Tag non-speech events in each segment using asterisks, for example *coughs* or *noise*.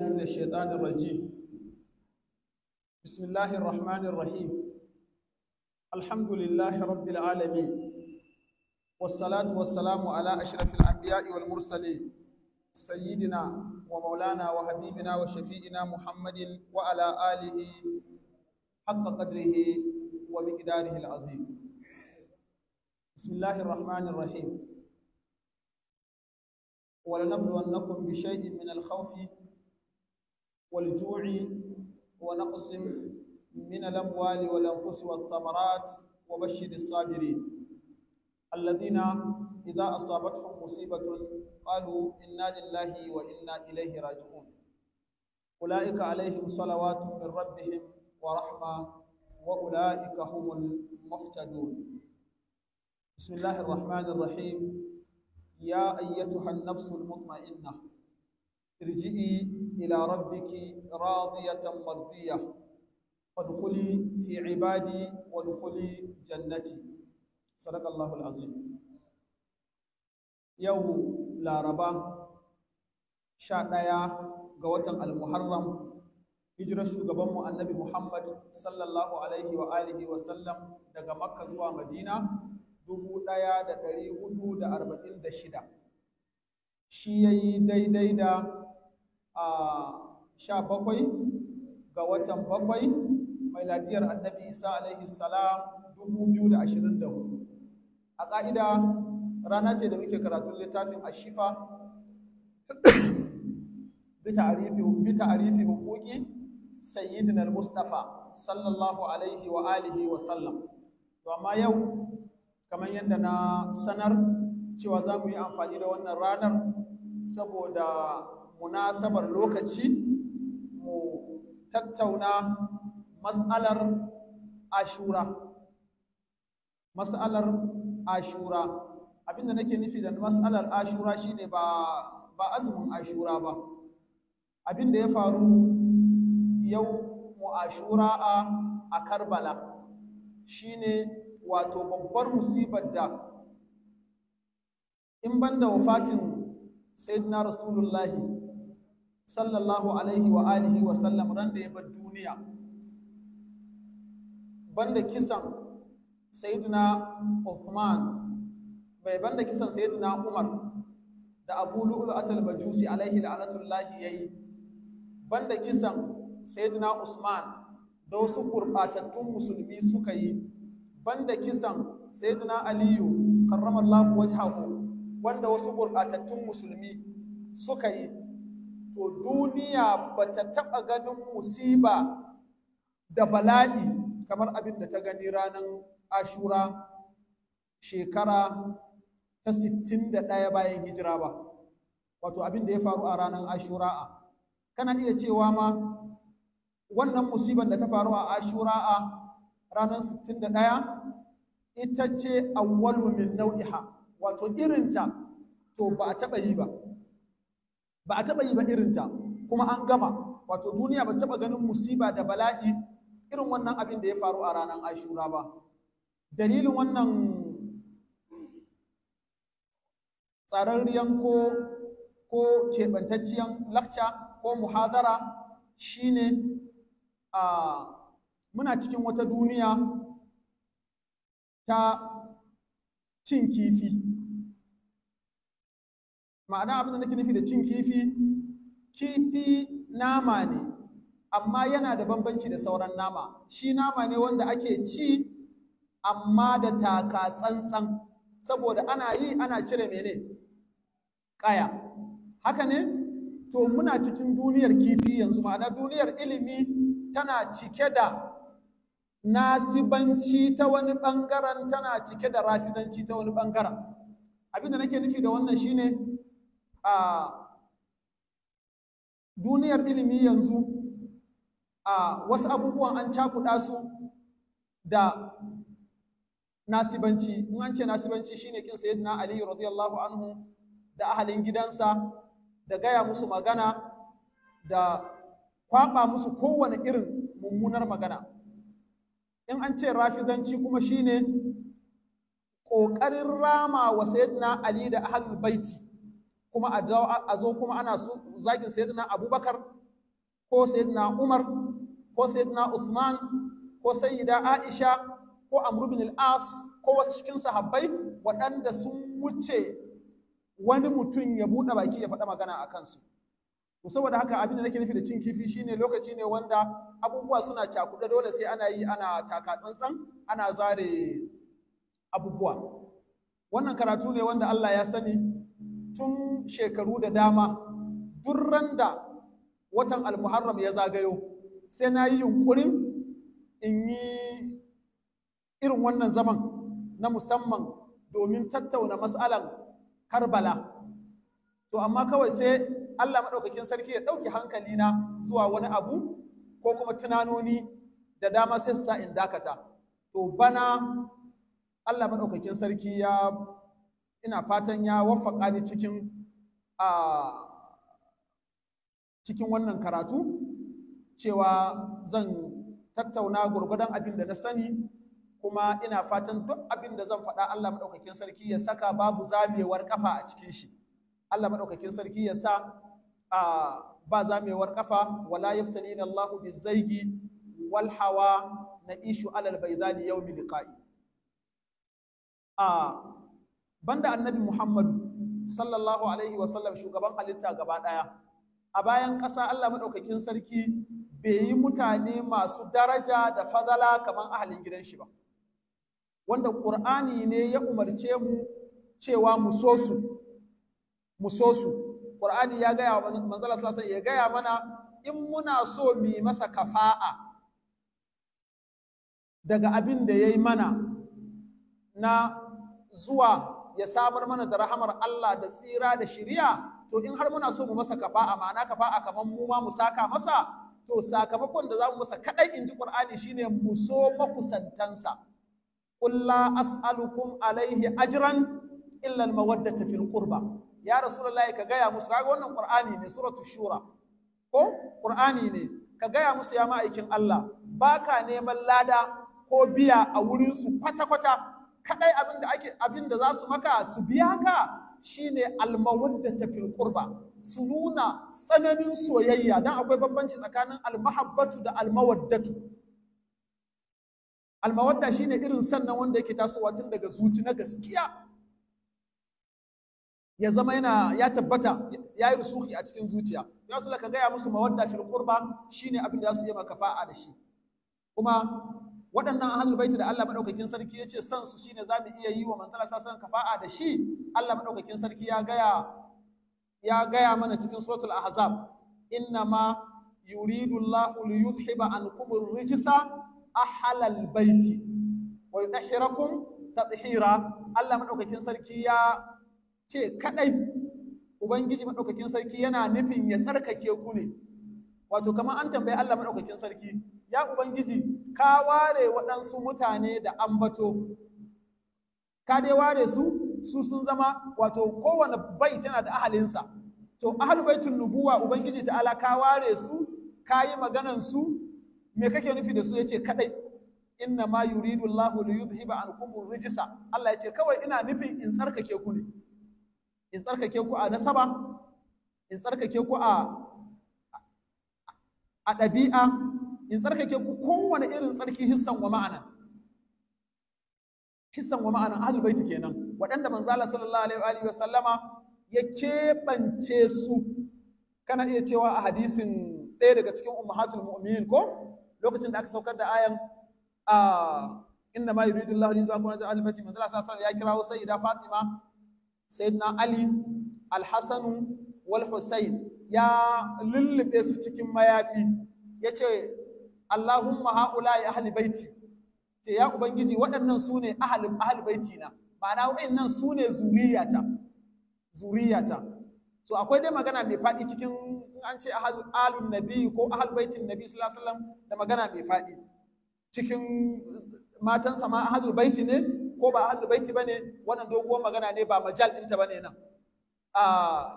من الشيطان الرجيم بسم الله الرحمن الرحيم الحمد لله رب العالمين والصلاة والسلام على أشرف الأنبياء والمرسلين سيدنا ومولانا وحبيبنا وشفيئنا محمد وعلى آله حق قدره ومقداره العظيم بسم الله الرحمن الرحيم ولنبلونكم بشيء من الخوف والجوع ونقص من الأموال والأنفس والثمرات وبشر الصابرين الذين إذا أصابتهم مصيبة قالوا إنا لله وإنا إليه راجعون أولئك عليهم صلوات من ربهم ورحمة وأولئك هم المهتدون بسم الله الرحمن الرحيم يا أيتها النفس المطمئنة ارجئي إلى ربك راضية مرضية فادخلي في عبادي jannati. جنتي صدق الله العظيم يوم لا ربا شاء ga watan al-muharram shugaban mu annabi muhammad sallallahu alaihi wa wa sallam daga makka zuwa madina dubu ɗaya da ɗari hudu da arba'in da shida shi ya yi daidai da a sha bakwai ga watan bakwai mailadiyar annabi isa alaihi salam dubu biyu da ashirin da hudu a ƙa'ida rana ce da muke karatun littafin ashifa *coughs* bita arifi hukuki sayyidina al-mustafa sallallahu alaihi wa alihi wa sallam to amma yau kamar yadda na sanar cewa za mu yi amfani da wannan ranar saboda munasabar lokaci mu tattauna mas'alar ashura Mas'alar ashura abinda nake nufi da mas'alar ashura shine ba ba azumin ashura ba abinda ya faru yau mu ashura a a karbala shine wato babbar musibar da in banda wafatin sayyidina rasulullahi sallallahu alaihi wa alihi wa sallam ran da ya bar duniya banda kisan sayyidina Uthman bai banda kisan sayyidina Umar da Abu Lu'lu'atul Majusi alaihi la'natullahi yayi banda kisan sayyidina Usman da wasu gurɓatattun musulmi suka yi banda kisan sayyidina aliyu karramallahu wajhahu wanda wasu gurɓatattun musulmi suka yi to duniya ba ta taɓa ganin musiba da bala'i kamar abin da ta gani ranar ashura shekara ta 61 bayan hijira ba wato abin da ya faru a ranar ashura'a kana iya cewa ma wannan musibar da ta faru a ashura'a ranar 61 ita ce awwalu min nau'iha wato irinta to ba a taɓa yi ba ba a taɓa yi ba irinta kuma an gama wato duniya ba taɓa ganin musiba da bala'i irin wannan abin da ya faru a ranar ashura ba dalilin wannan tsararriyan ko ko keɓantacciyar lakca ko muhadara shine a muna cikin wata duniya ta cin kifi ma'ana abin da nake nufi da cin kifi kifi nama ne amma yana da bambanci da sauran nama shi nama ne wanda ake ci amma da taka tsantsan saboda ana yi ana cire mene kaya haka ne to muna cikin duniyar kifi yanzu ma'ana duniyar ilimi tana cike da nasibanci ta wani ɓangaren tana cike da rafidanci ta wani ɓangaren abin da nake nufi da wannan shine a duniyar ilimi yanzu a wasu abubuwan an cakuɗa su da nasibanci in an ce nasibanci shine kin sayyidina ali radiyallahu anhu da ahalin gidansa da gaya musu magana da kwaɓa musu kowane irin mummunar magana in an ce rafidanci kuma shine ƙoƙarin rama wa sayyidina ali da ahalul baiti kuma a zo kuma ana zagin sayyidina abubakar ko sayyidina umar ko sayyidina usman ko sayyida aisha ko amru bin al-as ko wasu cikin sahabbai waɗanda sun wuce wani mutum ya buɗe baki ya faɗa magana a kansu to saboda haka abin da nake nufi da cin kifi shine lokaci ne wanda abubuwa suna cakuɗe dole sai ana yi ana taka tsantsan ana zare abubuwa wannan karatu ne wanda Allah ya sani tun shekaru da dama duran da watan almuharram ya zagayo sai na yi yunkurin in yi irin wannan zaman na musamman domin tattauna matsalan karbala to amma kawai sai allah maɗaukakin sarki ya ɗauki na zuwa wani abu ko kuma tunanoni da dama sai su sa in dakata to bana allah maɗaukakin sarki ya ina fatan ya waffaka ni cikin a cikin wannan karatu cewa zan tattauna gurgudan abin da na sani kuma ina fatan duk abin da zan faɗa Allah maɗaukakin sarki ya saka babu zamewar kafa a cikin shi Allah maɗaukakin sarki ya sa a ba zamewar kafa wala yaftani Allahu bizaigi wal hawa na ishu alal zani yawmi liqa'i a banda annabi Muhammadu sallallahu alaihi wa sallam shugaban halitta gaba ɗaya, a bayan ƙasa Allah madaukakin sarki bai yi mutane masu daraja da fadala kamar ahalin gidan shi ba wanda Qur'ani ne ya umarce mu cewa mu so su mu so su Qur'ani ya gaya wa manzala sallallahu ya gaya mana in muna so mu masa kafa'a daga abin da ya yi mana na zuwa ya samar mana da rahamar Allah da tsira da shiriya to in har muna so mu masa kafa, ma'ana kafa'a kamar mu ma mu saka masa to sakamakon da za mu masa kaɗai in ji Qur'ani shine mu so makusantansa qul la as'alukum alaihi ajran illa al-mawaddata fil qurba ya rasulullahi ka gaya musu kaga wannan Qur'ani ne suratu shura ko Qur'ani ne ka gaya musu ya ma'aikin Allah baka neman lada ko biya a wurin su kwata-kwata Kaɗai abin da ake abin da za su maka su biya ka shine almawaddata fil qurba su nuna tsananin soyayya dan akwai bambanci tsakanin almahabbatu da almawaddatu almawadda shine irin sannan wanda yake tasowa tun daga zuci na gaskiya ya zama yana ya tabbata ya yi rusuhi a cikin zuciya ya su ka gaya musu mawadda fil qurba shine abin da za su yi maka fa'a da shi kuma waɗannan ahlul baiti da Allah madaukakin sarki ce san su shine mu iya yi wa manzala sasan kafa'a da shi Allah madaukakin sarki ya gaya ya gaya mana cikin suratul ahzab inna ma yuridu Allahu liyudhiba ankum ar-rijsa ahlal baiti wa yudhhirakum tadhhira Allah madaukakin sarki ya ce kadai Ubangiji madaukakin sarki yana nufin ya tsarkake ku ne wato kamar an tambayi Allah madaukakin sarki ya Ubangiji, ka ware waɗansu mutane da ambato, ka dai ware su, su sun zama wato kowane bai tana da ahalinsa. To, ahal baitin nubuwa Ubangiji ta'ala ka ware su, ka yi maganan su, me kake nufi da su ya ce kaɗai inna ma yuridu Allahu li yudhhiba ankum rijisa, Allah ya ce kawai ina nufin in tsarkake ku ne in tsarkake ku a nasaba in tsarkake ku a ɗabi'a in tsarkake ku kowane irin tsarki hissan wa ma'ana hissan wa ma'ana ahlul bait kenan waɗanda manzo Allah sallallahu alaihi wa sallama ya keɓance su kana iya cewa a hadisin ɗaya daga cikin ummahatul mu'minin ko lokacin da aka saukar da ayan a inna ma yuridu Allah lizuwa kuma da alibati manzo Allah sallallahu alaihi ya kirawo sayyida Fatima sayyidina Ali al-Hasan wal Husayn ya lullube su cikin mayafi yace Allahumma haula ya ahli baiti ce ya ubangiji waɗannan su ne ahalin ahli baiti na ma'ana waɗannan su ne zuriyata zuriyata so akwai dai magana mai faɗi cikin an ce ahalun nabi ko ahal baitin nabi sallallahu alaihi wasallam da magana mai faɗi cikin matansa ma ahalul baiti ne ko ba ahalul baiti bane wannan doguwar magana ne ba majal ɗinta bane nan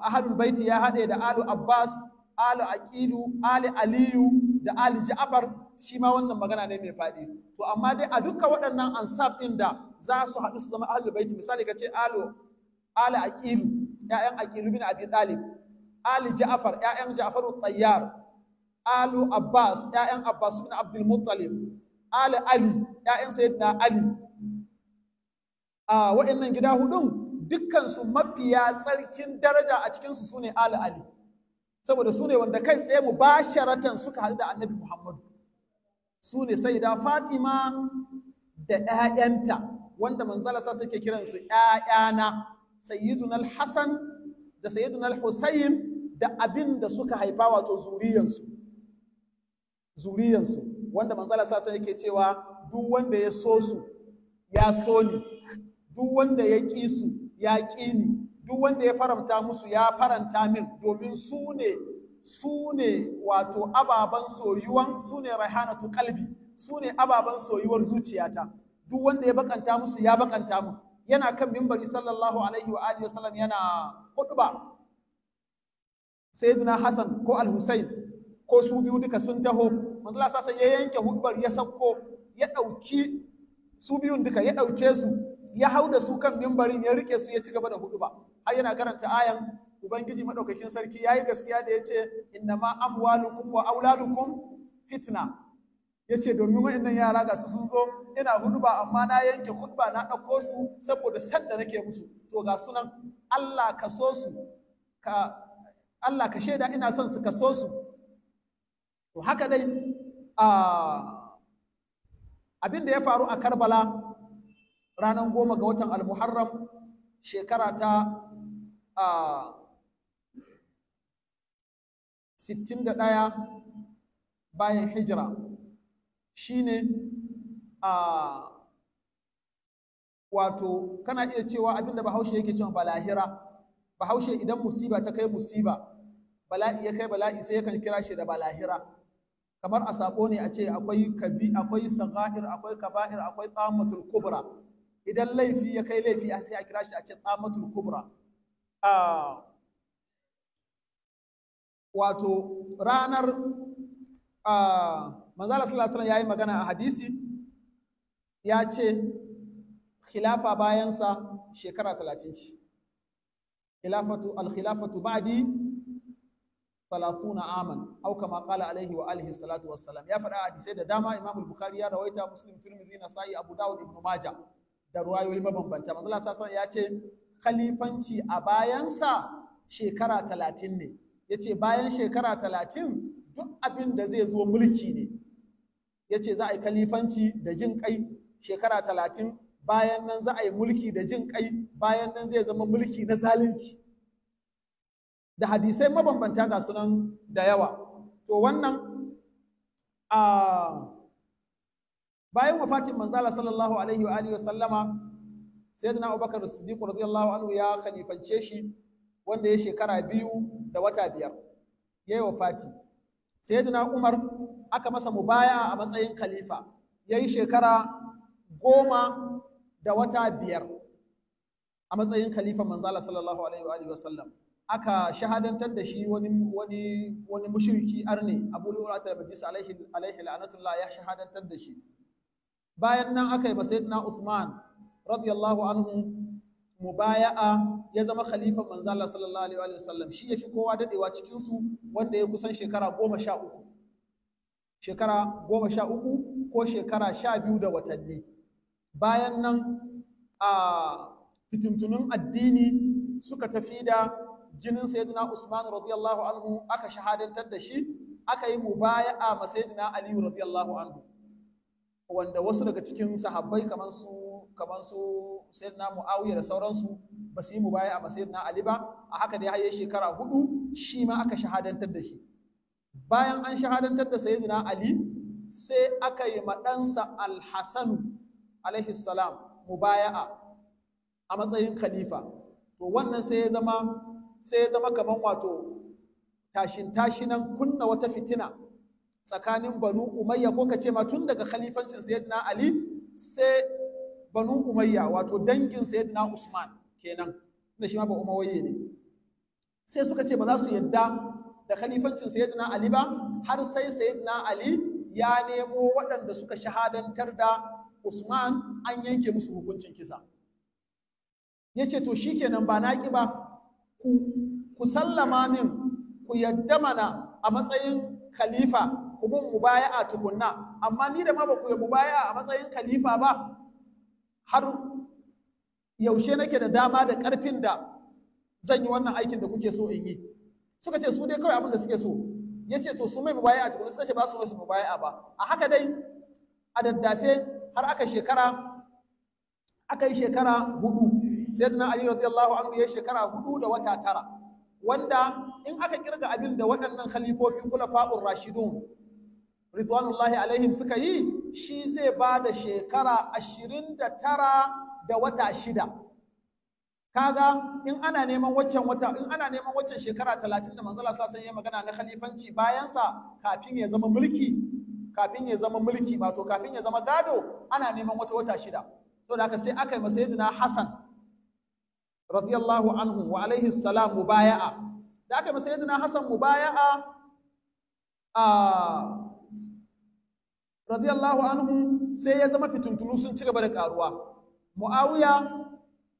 ahalul baiti ya haɗe da alu abbas alu aqilu ali aliyu da ali ja'far shi ma wannan magana ne mai faɗi to amma dai a duka waɗannan ansab ɗin da za su haɗu su zama ahlul baiti misali ka ce alo ala aqilu 'ya'yan aqilu bin abi talib ali ja'far 'ya'yan ja'far tayyar alu abbas 'ya'yan abbas bin abdul muttalib ali ali ƴaƴan sayyidina ali a waɗannan gida hudun dukkansu mafiya tsarkin daraja a cikinsu su ne ali ali saboda su wanda kai tsaye mu basharatan suka haɗu da annabi muhammadu su ne sai da fatima da 'ya'yanta wanda manzala sa suke kiransu 'ya'yana sayyidun al-hassan da sayyidun al-husayn da abin da suka haifa wato zuriyansu zuriyansu wanda manzala sa sai yake cewa duk wanda ya so su ya so ni duk wanda ya ƙi su ya ƙi ni duk wanda ya faranta musu ya faranta min domin su ne su ne wato ababen soyuwan su ne rahanatu kalbi su ne ababen soyuwar zuciyata duk wanda ya bakanta musu ya bakanta mu yana kan mimbari sallallahu alaihi wa alihi wasallam yana khutba sayyidina hasan ko al-husayn ko su biyu duka sun taho manzo Allah sai ya yanke hudbar ya sauko ya dauki su biyun duka ya dauke su ya hau da su kan mimbarin ya rike su ya ci gaba da hudba har yana karanta ayan ubangiji madaukakin sarki yayi gaskiya da yace ma amwalukum wa auladukum fitna yace domin wayannan yara ga su sun zo ina huduba amma na yanke hudba na ɗauko su saboda san da nake musu to ga sunan Allah ka so su ka Allah ka shaida ina son su ka so su to haka dai abin da ya faru a Karbala ranar goma ga watan al-Muharram shekara ta 61 bayan hijira shine a wato kana iya cewa abinda bahaushe yake cewa balahira bahaushe idan musiba ta kai musiba bala'i ya kai bala'i sai yakan kira shi da balahira kamar a sako ne a ce akwai kabi akwai saga'ir akwai kaba'ir akwai tsamatul kubra idan laifi ya kai laifi sai a kira shi a ce tsamatul kubra wato ranar manzala sallallahu ya yi magana a hadisi ya ce khilafa bayansa shekara talatin ce khilafatu al ba'di aman au kama qala alaihi wa alihi salatu wassalam ya faɗa hadisai da dama imam al-bukhari ya rawaita muslim tirmidhi nasai abu dawud ibnu majah da ruwayoyi mabambanta manzala sallallahu ya ce khalifanci a bayansa shekara talatin ne ya ce bayan shekara talatin duk abin da zai zo mulki ne Yace za a yi kalifanci da jin kai shekara talatin bayan nan za a yi mulki da jin kai bayan nan zai zama mulki na zalunci da hadisai mabambanta ga sunan da yawa to wannan a bayan wafatin manzala sallallahu alaihi wa alihi wa sallama sayyidina abubakar siddiq radiyallahu anhu ya khalifance shi wanda ya shekara biyu da wata biyar ya yi wafati sayyidina umar aka masa mubaya a matsayin khalifa ya yi shekara goma da wata biyar a matsayin khalifa manzala sallallahu alaihi wa sallam aka shahadantar da shi wani wani wani mushriki arne abu lura ta bajis alaihi alaihi la'anatullah ya shahadantar da shi bayan nan aka yi ba sayyidina usman radiyallahu anhu mubaya'a ya zama khalifan manzo Allah sallallahu alaihi wa sallam shi yafi kowa dadewa cikin su wanda ya kusan shekara goma sha uku shekara goma ko shekara sha biyu da watanni bayan nan a fitintunin addini suka tafi da jinin sayyidina Usman radiyallahu anhu aka shahadantar da shi aka yi mubaya'a ma sayyidina Ali radiyallahu anhu wanda wasu daga cikin sahabbai kamar su kamar su sayyidina muawiya da sauransu ba su yi mu baya a sayyidina ali ba a haka dai har shekara hudu shi ma aka shahadantar da shi bayan an shahadantar da sayyidina ali sai aka yi maɗansa alhassanu alaihi salam baya a matsayin khalifa to wannan sai ya zama sai ya zama kamar wato tashin tashinan kunna wata fitina tsakanin banu umayya ko ka ce ma tun daga khalifancin sayyidina ali sai banu umayya wato dangin sayyidina usman kenan tunda shi ma ba umayya ne sai suka ce ba za su yadda da khalifancin sayyidina ali ba har sai sayyidina ali ya nemo waɗanda suka shahadantar da usman an yanke musu hukuncin kisa ya ce to shikenan ba na ƙi ba ku ku sallama min ku yadda mana a matsayin khalifa ku bin mubaya'a tukunna amma ni da ma ba ku yi mubaya'a a matsayin khalifa ba har yaushe nake da dama da ƙarfin da zan yi wannan aikin da kuke so in yi suka ce su dai kawai abin da suke so ya ce to su mai mubaya a cikin suka ce ba su mai mubaya ba a haka dai a daddafe har aka shekara aka yi shekara hudu sayyidina ali radiyallahu anu ya yi shekara hudu da wata tara wanda in aka kirga abin da waɗannan khalifofi kula fa'ur rashidun ridwanullahi alaihim suka yi shi zai ba da shekara ashirin da tara da wata shida kaga in ana neman waccan wata in ana neman waccan shekara talatin da manzala sasan ya magana na khalifanci bayansa kafin ya zama mulki kafin ya zama mulki wato kafin ya zama gado ana neman wata wata shida to da haka sai aka yi masa yadda hasan radiyallahu anhu wa alaihi salam mubaya'a da aka yi masa yadda hasan mubaya'a a ah, radiyallahu anhu sai ya zama fitintunu sun ci gaba da karuwa muawiya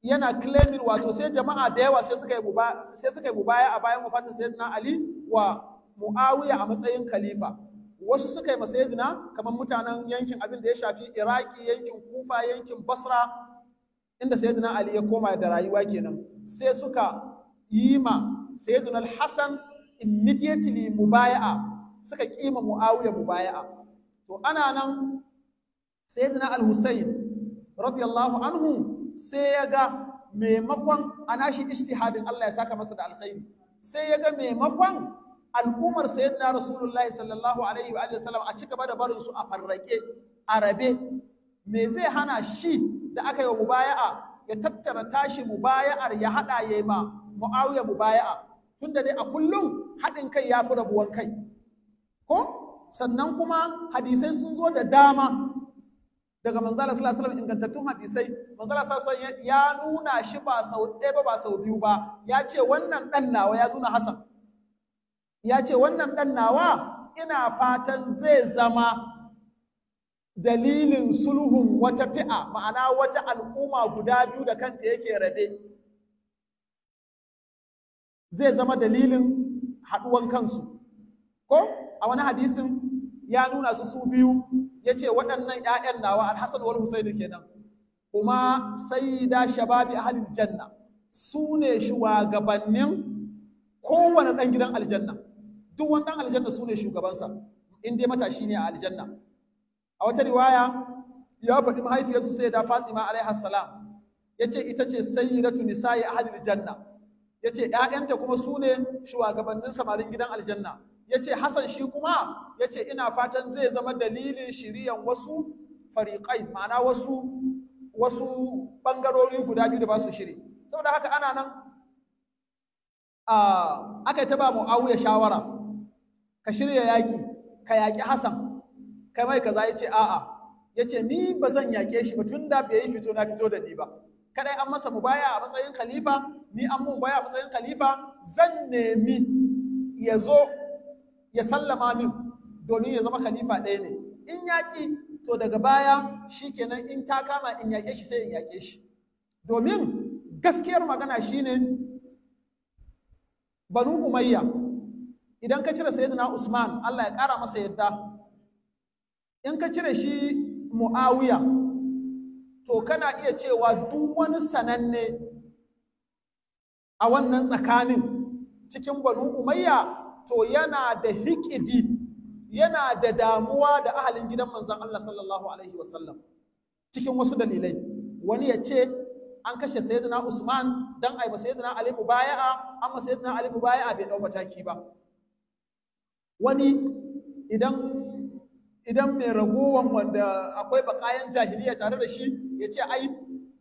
yana claiming wato sai jama'a da yawa sai suka yi buba sai suka yi bubaya a bayan wafatin sayyidina ali wa muawiya a matsayin khalifa wasu suka yi masayidina kamar mutanen yankin abin da ya shafi iraki yankin kufa yankin basra inda sayyidina ali ya koma da rayuwa kenan sai suka yi ma sayyidina al-hasan immediately mubaya'a suka kima muawiya mubaya'a to ana nan sayyidina al-husayn radiyallahu anhu sai ya ga maimakon ana shi ijtihadin Allah ya saka masa da alkhairi sai ya ga maimakon al'ummar sayyidina rasulullahi sallallahu alaihi wa sallam a cika da barin su a farrake a rabe me zai hana shi da aka yi mubaya'a ya tattara tashi mubaya'ar ya hada yayi ma muawiya mubaya'a tunda dai a kullum haɗin kai ya fi rabuwan kai ko sannan kuma hadisai sun zo da dama daga manzala sallallahu alaihi ingantattun hadisai manzala sallallahu ya nuna shi ba sau ɗaya ba ba sau biyu ba ya ce wannan ɗan nawa ya nuna Hassan ya ce wannan ɗan nawa ina fatan zai zama dalilin sulhun wata fi'a ma'ana wata al'umma guda biyu da kanta yake rabe zai zama dalilin haɗuwan kansu ko a wani hadisin ya nuna su su biyu ya ce waɗannan ‘ya'yan nawa alhassan wal husaini kenan kuma sai da shababi halin janna su ne shugabannin kowane ɗan gidan aljanna duk wani ɗan aljanna su ne shugabansa in dai matashi ne a aljanna a wata riwaya ya faɗi mahaifiyarsu sai da fatima alaihi salam ya ce ita ce sayyidatu nisa'i ahalin janna ya ce ‘ya'yanta kuma su ne shugabannin samarin gidan aljanna ya ce Hassan shi kuma ya ce ina fatan zai zama dalilin shiriyan wasu fariƙai ma'ana wasu wasu ɓangarori guda biyu da ba su shiri saboda haka ana nan aka yi ta ba ya shawara ka shirya yaƙi ka yaƙi Hassan kai mai kaza ya ce a'a ya ce ni ba zan yaƙe shi ba tun da bai yi fito na fito da ni ba kadai an masa mu baya a matsayin khalifa ni an baya a matsayin khalifa zan nemi ya zo ya sallama min domin ya zama khalifa ɗaya ne in yaƙi to daga baya shi kenan in ta kama in yaƙe shi sai in yaƙe shi domin gaskiyar magana shine banu umayya idan ka cire sayyidina usman Allah ya ƙara masa yadda in ka cire shi muawiya to kana iya cewa duk wani sananne a wannan tsakanin cikin banu umayya to yana da hikidi yana da damuwa da ahalin gidan manzon Allah sallallahu alaihi wasallam cikin wasu dalilai wani ya ce an kashe sayyidina Usman dan ai sayyidina Ali mubaya'a amma sayyidina Ali a bai ɗau mataki ba wani idan idan mai ragowan wanda akwai bakayan jahiliya tare da shi ya ce ai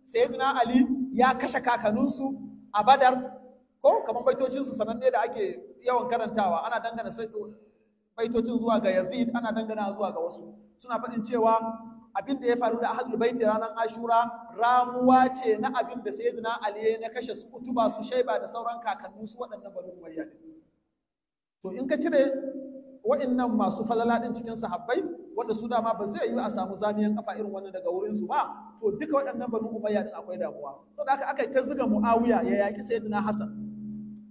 sayyidina Ali ya kashe kakanninsu a Badar ko kamar baitocin su sananne da ake yawan karantawa ana dangana sai baitocin zuwa ga Yazid ana dangana zuwa ga wasu suna faɗin cewa abin da ya faru da ahlul baiti ranar ashura ramuwa ce na abin da sayyidina ali ya na kashe su kutuba su shaiba da sauran kakannu su waɗannan banu umayya to in ka cire wa'annan masu falala din cikin sahabbai wanda su dama ba zai yi a samu zamiyan kafa irin wannan daga wurin su ba to duka waɗannan banu umayya din akwai damuwa saboda haka aka ta zuga muawiya ya yaki sayyidina hasan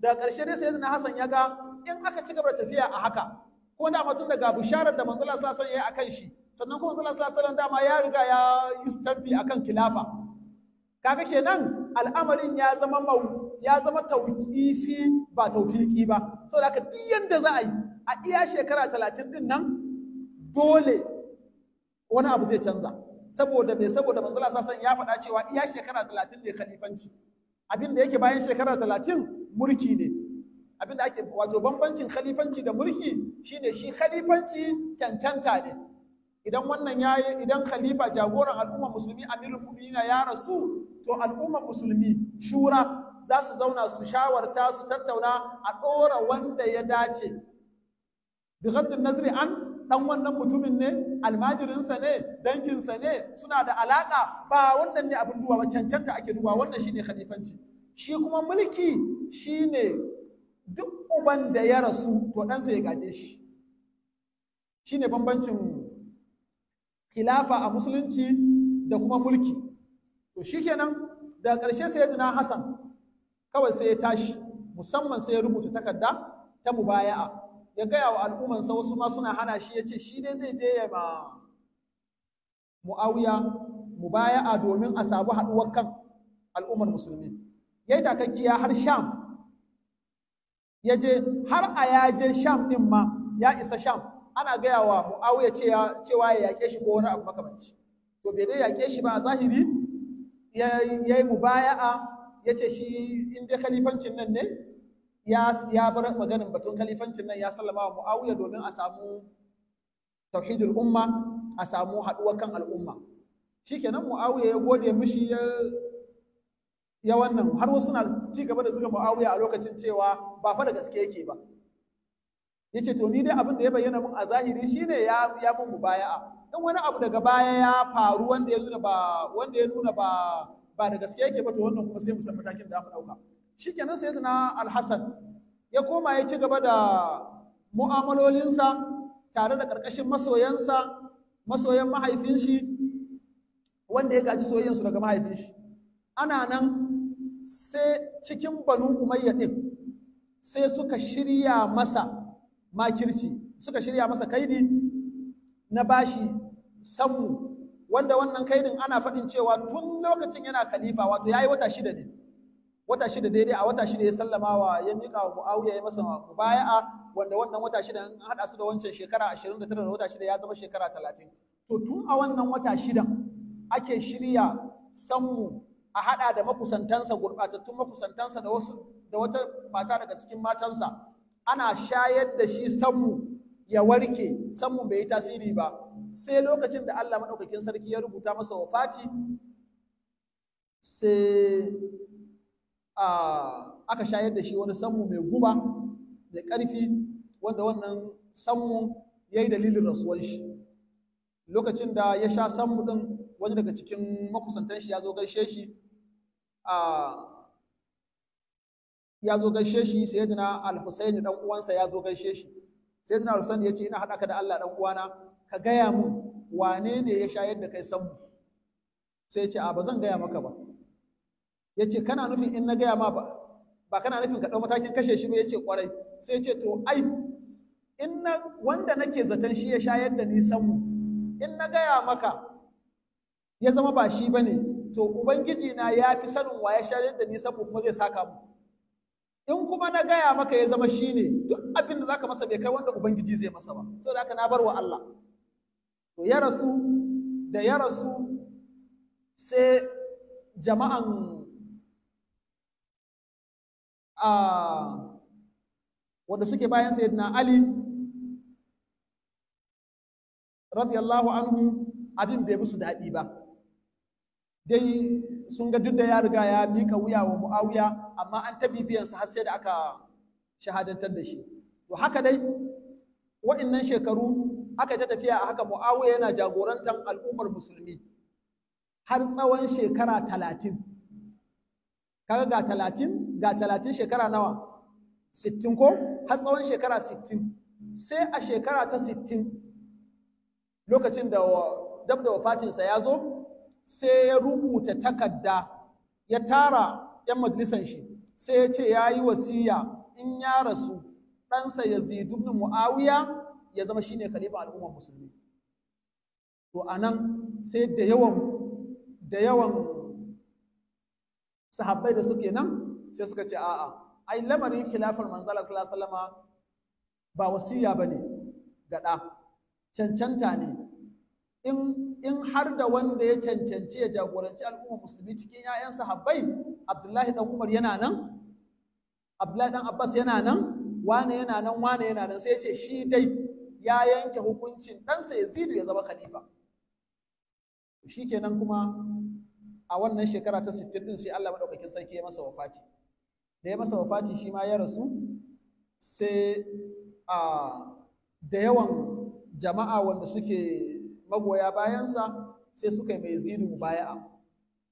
da ƙarshe dai sai na Hassan ya ga in aka ci gaba da tafiya a haka ko da mutum daga bisharar da Allah sallallahu alaihi wasallam ya akan shi sannan kuma Allah sallallahu alaihi wasallam dama ya riga ya yi stamfi akan kilafa kaga kenan al'amarin ya zama mau ya zama tauƙifi ba taufiƙi ba saboda haka duk yanda za a yi a iya shekara talatin din nan dole wani abu zai canza saboda me saboda Allah sallallahu alaihi wasallam ya faɗa cewa iya shekara talatin ne khalifanci abin da yake bayan shekara talatin mulki ne abinda ake wato bambancin khalifanci da mulki shine shi khalifanci cancanta ne idan wannan yayi idan khalifa jagoran al'umma musulmi amirul mu'minina ya rasu to al'umma musulmi shura za su zauna su shawarta su tattauna a ɗora wanda ya dace bi nazri an dan wannan mutumin ne almajirinsa ne danginsa ne suna da alaka ba wannan ne abin duba ba cancanta ake duba wannan shine khalifanci shi kuma mulki Shi ne duk uban da ya rasu to ɗansa ya gaje shi shine bambancin khilafa a musulunci da kuma mulki to shi shikenan da ƙarshe sayyidina Hassan kawai sai ya tashi musamman sai ya rubuta takarda ta mubaya'a ya gaya wa sa wasu ma suna hana shi ya ce shi ne zai je ya ma mu'awiya mubaya'a domin a sabu haɗuwar kan al'ummar musulmi ya yi takakkiya har sham ya je har a yaje sham din ma ya isa sham ana gaya wa mu'awiya cewa ya yake shi ko wani abu makamanci to bai dai yake shi ba a zahiri ya yi mubaya'a ya ce shi in dai kalifancin nan ne ya bar maganin batun kalifancin nan ya sallama wa mu'awiya domin a samu tauhidul umma a samu haɗuwar kan al'umma shikenan mu'awiya ya gode mishi ya ya wannan har wasu na ci gaba da zuga muawiya a lokacin cewa ba fa da gaske yake ba yace to ni dai abin da ya bayyana mun a zahiri shine ya ya mun mubaya'a dan wani abu daga baya ya faru wanda ya nuna ba wanda ya nuna ba ba da gaske yake ba to wannan kuma sai mu san matakin da aka dauka shikenan sai na al-Hasan ya koma ya ci gaba da mu'amalolinsa tare da karkashin masoyansa masoyan mahaifin shi wanda ya gaji soyayyansu daga mahaifin shi ana nan sai cikin banu umayya din sai suka shirya masa makirci suka shirya masa kaidi na bashi sammu wanda wannan kaidin ana faɗin cewa tun lokacin yana khalifa wato yayi wata shida ne wata shida daidai a wata shida ya sallama wa ya miƙa wa Muawiya ya masa mubaya'a wanda wannan wata shida in haɗa su da wancan shekara 29 da wata shida ya zama shekara 30 to tun a wannan wata shida ake shirya sammu a haɗa da makusantansa gurɓatattun makusantansa da wasu da wata mata daga cikin matansa ana shayar da shi sammu ya warke sammu bai yi tasiri ba sai lokacin da Allah maɗaukakin sarki ya rubuta masa wafati sai aka shayar da shi wani sammu mai guba mai ƙarfi wanda wannan sammu ya yi dalilin rasuwan shi lokacin da ya sha sammu ɗin wani daga cikin makusantan shi ya zo gaishe shi ya zo gaishe shi sayyidina al-husaini dan uwansa ya zo gaishe shi sayyidina al-husaini ya ce ina hada ka da Allah dan uwana ka gaya mun wane ne ya shayar da kai mu? sai ya ce a bazan gaya maka ba ya ce kana nufin in na gaya ma ba ba kana nufin ka dau matakin kashe shi ba ya ce sai ya ce to ai in na wanda nake zaton shi ya shayar da ni mu? in na gaya maka ya zama ba shi ba ne to ubangiji na ya fi sanin wa ya shayar da ni saboda kuma zai saka mu in kuma na gaya maka ya zama shine duk abin da zaka masa bai kai wanda ubangiji zai masa ba saboda haka na bar wa Allah to ya rasu da ya rasu sai jama'an a wanda suke bayan sayyidina Ali radiyallahu anhu abin bai musu daɗi ba dai sun ga duk da ya riga ya mika wuya wa mu'awiya amma an ta bibiyansa har sai da aka shahadantar da shi to haka dai wa'annan shekaru aka ta tafiya a haka mu'awiya yana jagorantar al'ummar musulmi har tsawon shekara talatin kaga ga talatin ga talatin shekara nawa sittin ko har tsawon shekara sittin sai a shekara ta sittin lokacin da dab da wafatinsa ya zo sai ya rubuta takarda ya tara 'yan majalisar shi sai ya ce ya yi wasiya in ya rasu ɗansa yazid ibn muawiya ya zama shi ne kalifa al'ummar musulmi to a nan sai da yawan da yawan sahabbai da suke nan sai suka ce a'a ai lamarin khilafar manzala sallallahu alaihi wasallama ba wasiya bane ga cancanta ne in har da wanda ya cancanci ya jagoranci al'umma musulmi cikin 'ya'yan sahabbai abdullahi dan umar yana nan abdullahi dan abbas yana nan wane yana nan wane yana nan sai ce shi dai ya yanke hukuncin ɗansa yazidu ya zama khalifa shi kenan kuma a wannan shekara ta sittin din sai allah madaukakin sarki ya masa wafati da ya masa wafati shi ma ya rasu sai ah, da yawan jama'a wanda suke magoya bayansa sai suka yi mai zidu mubaya'a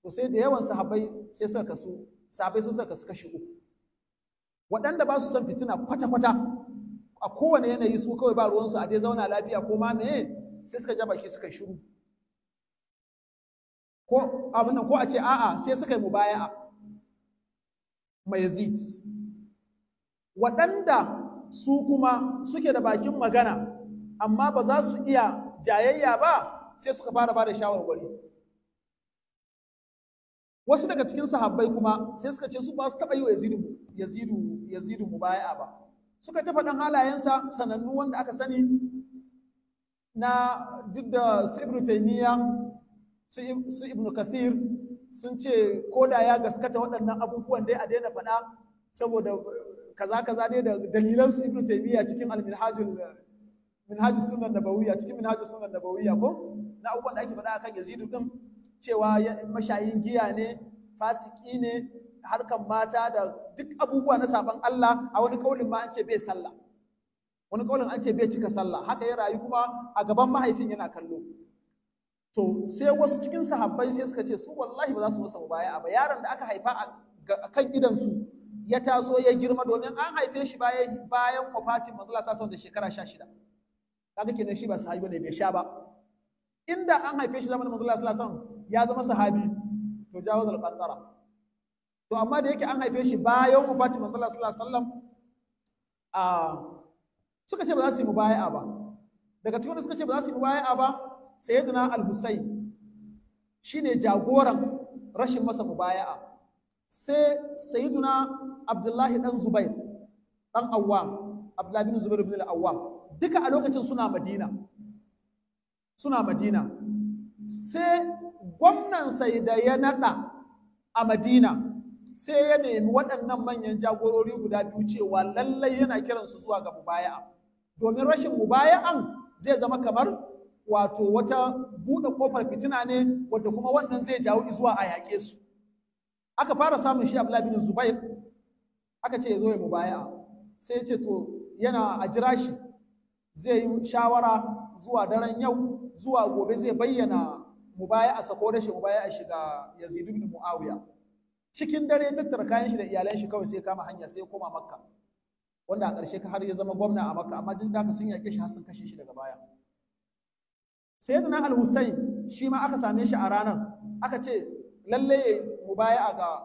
to sai da yawan sahabbai sai suka kasu sahabbai sun suka kasu kashi uku waɗanda ba su son fitina kwata-kwata a kowane yanayi su kawai ba ruwansu a dai zauna lafiya ko ma meye sai suka ja baki suka shiru ko abin nan ko a ce a'a sai suka yi mu mubaya'a mai yazid waɗanda su kuma suke da bakin magana amma ba za su iya jayayya ba sai suka fara ba da shawarwari wasu daga cikin sahabbai kuma sai suka ce su ba su taɓa yi wa yazidu yazidu baya ba suka tafa ɗan halayensa sanannu wanda aka sani na duk da su ibnu taymiya su ibnu kathir sun ce ko da ya gaskata waɗannan abubuwan dai a daina faɗa saboda kaza kaza dai da dalilan su ibnu taymiya cikin al-minhajul minhaju sunan nabawiyya cikin minhaju sunan nabawiyya ko na abubuwan da ake faɗa akan yazidu din cewa mashayin giya ne fasiki ne harkan mata da duk abubuwa na sabon Allah a wani kaulin ma an ce bai sallah wani kaulin an ce bai cika sallah haka ya rayu kuma a gaban mahaifin yana kallo to sai wasu cikin sahabbai sai suka ce su wallahi ba za su masa mubaya'a ba yaron da aka haifa a kan su ya taso ya girma domin an haife shi bayan bayan wafatin manzo Allah sallallahu da shekara shida. kaga kenan shi ba sahabi bane bai sha ba inda an haife shi zamanin manzo sallallahu alaihi wasallam ya zama sahabi to jawaz al qantara to amma da yake an haife shi bayan wafatin manzo sallallahu alaihi wasallam a suka ce ba za su yi mubaya'a ba daga cikin suka ce ba za su yi mubaya'a ba sayyidina al-husayn shine jagoran rashin masa mubaya'a sai sayyiduna abdullahi dan zubair dan awwam abdullahi bin zubair bin al-awwam duka a lokacin suna madina suna madina sai gwamnansa da ya naɗa a madina sai ya nemi waɗannan manyan jagorori guda biyu cewa lallai yana kiransu zuwa ga mubaya'a domin rashin mubaya'an zai zama kamar wato wata buɗe kofar fitina ne wadda kuma wannan zai jawo zuwa a yaƙe su aka fara samun shi Abdullahi bin Zubair aka ce ya zo ya mubaya'a sai ya ce to yana a jira shi zai yi shawara zuwa daren yau zuwa gobe zai bayyana mu baya a sako da shi baya a shiga Yazid ibn Muawiya cikin dare tattara kayan shi da iyalan shi kawai sai kama hanya sai koma Makka wanda a ƙarshe ka har ya zama gwamna a Makka amma duk da sun yaƙe shi har sun kashe shi daga baya Sayyidina Al-Husayn shi ma aka same shi a ranar aka ce lalle mubaya ga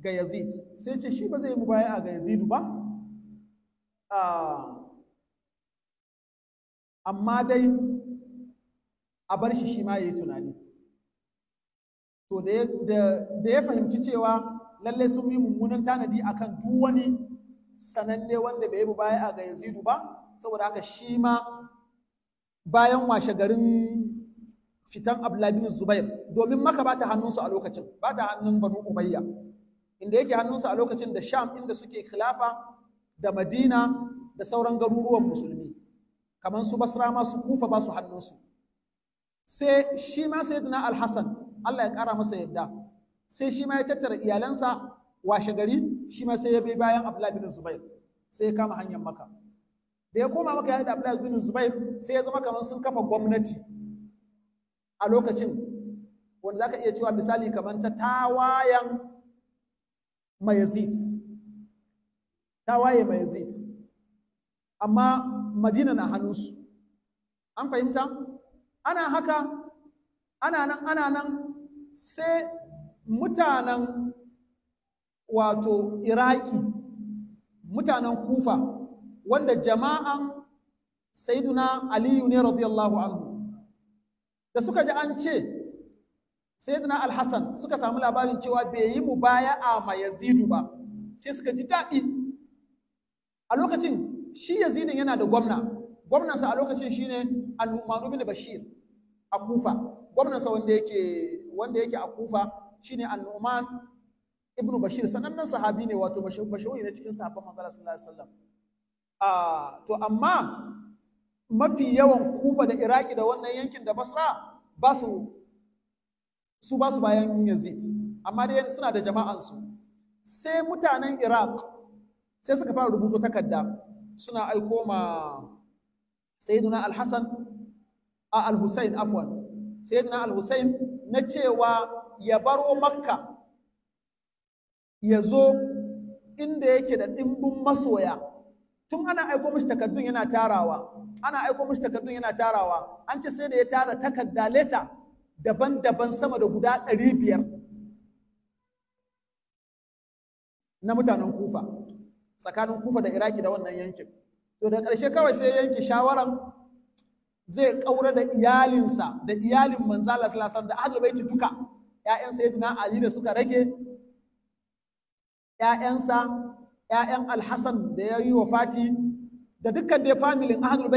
ga Yazid sai ce shi ba zai yi mubaya ga Yazid ba Ah. amma dai a bar shi shi ma ya yi tunani to da ya fahimci cewa lallai sun yi mummunan tanadi akan duk wani sananne wanda bai yi baya a ga yazidu ba saboda haka shi ma bayan washe garin fitan Abdullahi Zubair domin maka ba ta hannunsu a lokacin ba ta hannun Banu Umayya inda yake hannunsu a lokacin da Sham inda suke khilafa da madina da sauran garuruwan musulmi kaman su basra ma su kufa ba su su sai shi ma sayyidina al-hasan Allah ya kara masa yadda sai shi ma ya tattara iyalansa washe gari shi ma sai ya bi bayan Abdullah bin Zubair sai ya kama hanyar maka. da ya koma maka ya da Abdullah bin Zubair sai ya zama kamar sun kafa gwamnati a lokacin wanda zaka iya cewa misali kaman ta tawayan Mayazid ta waye mai yazid amma madina na hannunsu an fahimta ana haka ana nan ana nan sai mutanen wato iraki mutanen kufa wanda jama'an sayyiduna aliyu ne radiyallahu anhu da suka ji an ce sayyiduna al-hassan suka samu labarin cewa bai yi mubaya'a ma yazidu ba sai suka ji daɗi a lokacin shi yazidin yana da gwamna gwamnansa a lokacin shine al-nu'man bin bashir a kufa gwamnansa wanda yake a kufa shine al-nu'man ibn bashir sanannan sahabi ne wato bashawi ne cikin sahabban manzon sallallahu alaihi wasallam a to amma mafi yawan kufa da iraki da wannan yankin da basra ba su su ba su bayan yazid amma dai suna da jama'ansu sai mutanen iraq sai suka fara rubuto takarda suna aiko ma sayyiduna al-hasan a al-husayn afwan sayyiduna al-husayn na cewa ya baro makka ya zo inda yake da dimbin masoya tun ana aiko mishi takardun yana tarawa ana aiko mishi takardun yana tarawa an ce sai da ya tara takarda leta daban-daban sama da guda ɗari biyar na mutanen kufa tsakanin kufa da iraki da wannan yankin to da ƙarshe kawai sai yanke shawaran zai kaura da iyalinsa da iyalin manzala salasar da ahlul baiti duka ya tuna ali da suka rage yayansa yayan alhassan da ya yi wa fati da dukkan dai familin ahlul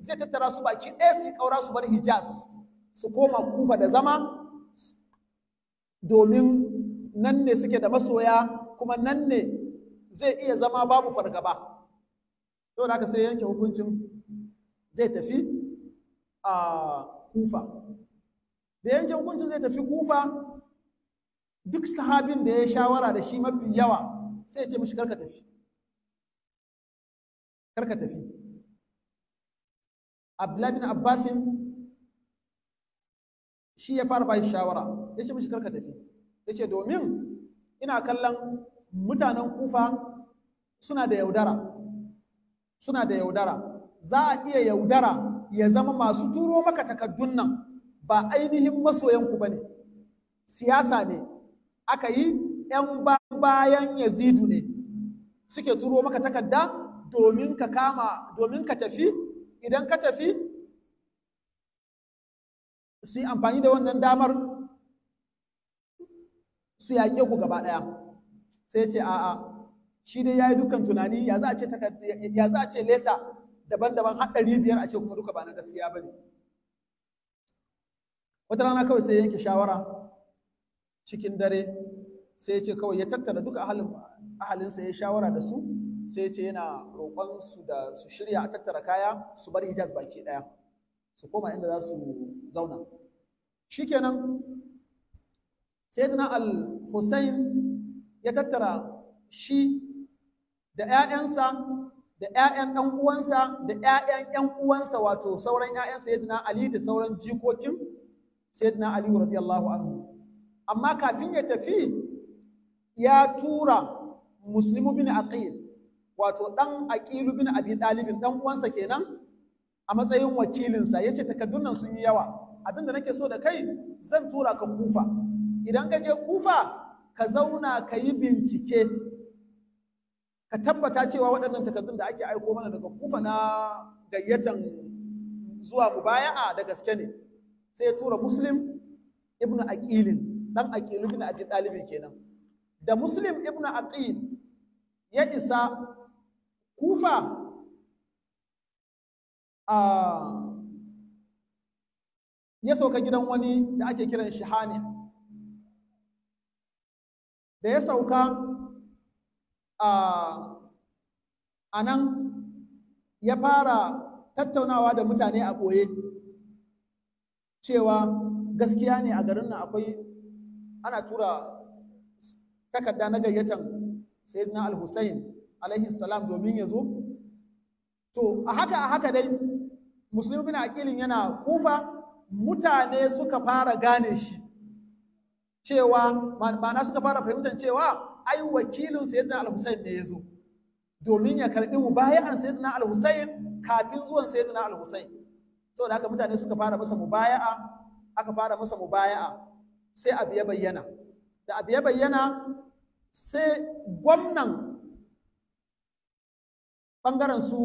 zai tattara su baki ɗaya su ƙaura su bar hijaz su koma kufa da zama domin nan ne suke da masoya kuma nan ne zai iya zama babu fargaba to da sai yanke hukuncin zai tafi a kufa da yanke hukuncin zai tafi kufa duk sahabin da ya shawara da shi mafi yawa sai ya ce mishi karka tafi karka tafi abdullahi bin abbasin shi ya fara bayan shawara ya ce mishi karka tafi ya ce domin ina kallon mutanen kufa suna da yaudara suna da yaudara za a iya yaudara ya zama masu turo maka takaddun nan ba ainihin masoyanku ba ne siyasa ne aka yi 'yan bayan yazidu ne suke turo maka takarda domin ka kama domin ka tafi idan ka tafi su yi amfani da wannan damar su yaƙe ku gaba ɗaya sai ce a'a shi dai yayi dukan tunani ya za a ce ya za a ce leta daban-daban haɗari biyar a ce kuma duka ba na gaskiya ba ne wata rana kawai sai yanke shawara cikin dare sai ya ce kawai ya tattara duka ahalinsa ya shawara da su sai ce yana roƙon su da su shirya a tattara kaya su bar hijaz baki ɗaya su koma inda za su zauna shikenan sayyidina al-husayn ya tattara shi da 'ya'yansa da 'ya'yan ɗan uwansa da 'ya'yan 'yan uwansa wato sauran 'ya'yan dina Ali da sauran jikokin sayyidina Ali radiyallahu anhu amma kafin ya tafi ya tura muslimu bin aqil wato ɗan aqilu bin abi ɗalibin ɗan uwansa kenan a matsayin wakilinsa ya ce takardun sun yi yawa abinda nake so da kai zan tura ka kufa idan ka je kufa ka zauna ka yi bincike ka tabbata cewa waɗannan takardun da ake aiko mana daga kufa na gayyatan zuwa mubaya'a da gaske ne sai tura muslim ibnu aqilin dan aqil ibnu abi talibin kenan da muslim ibn aqil ya isa kufa a ya sauka gidan wani da ake kiran shi da ya sauka a nan ya fara tattaunawa da mutane a ɓoye cewa gaskiya ne a garin nan akwai ana tura takarda na gayyatan sayyidina al-hussein alaihi salam domin ya zo to a haka a haka dai musulmi bin aqilin yana kufa mutane suka fara gane shi cewa ma'ana suka fara fahimtar cewa ai wakilin sayyidina al-husayn ne ya zo domin ya karbi mubaya'an sayyidina al-husayn kafin zuwan sayyidina al-husayn saboda haka mutane suka fara masa mubaya'a aka fara masa mubaya'a sai abu ya bayyana da abu ya bayyana sai gwamnan bangaren su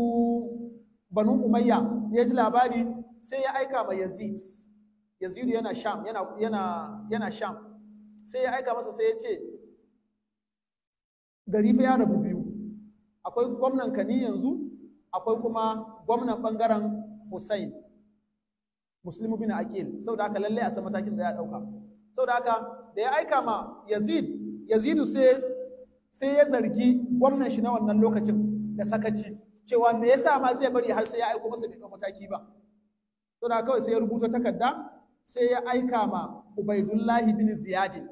banu umayya ya ji labari sai ya aika ma yazid yazid yana sham yana yana yana sham sai ya aika masa sai ya ce gari fa ya rabu biyu akwai gwamnan kani yanzu akwai kuma gwamnan bangaren Hussein Muslimu bin Aqil saboda haka lalle a san matakin da ya dauka saboda haka da ya aika ma Yazid Yazid sai sai ya zargi gwamnan shi na wannan lokacin da sakaci cewa me yasa ma zai bari har sai ya aiko masa bai mataki ba saboda kawai sai ya rubuta takarda sai ya aika ma Ubaidullahi bin Ziyadi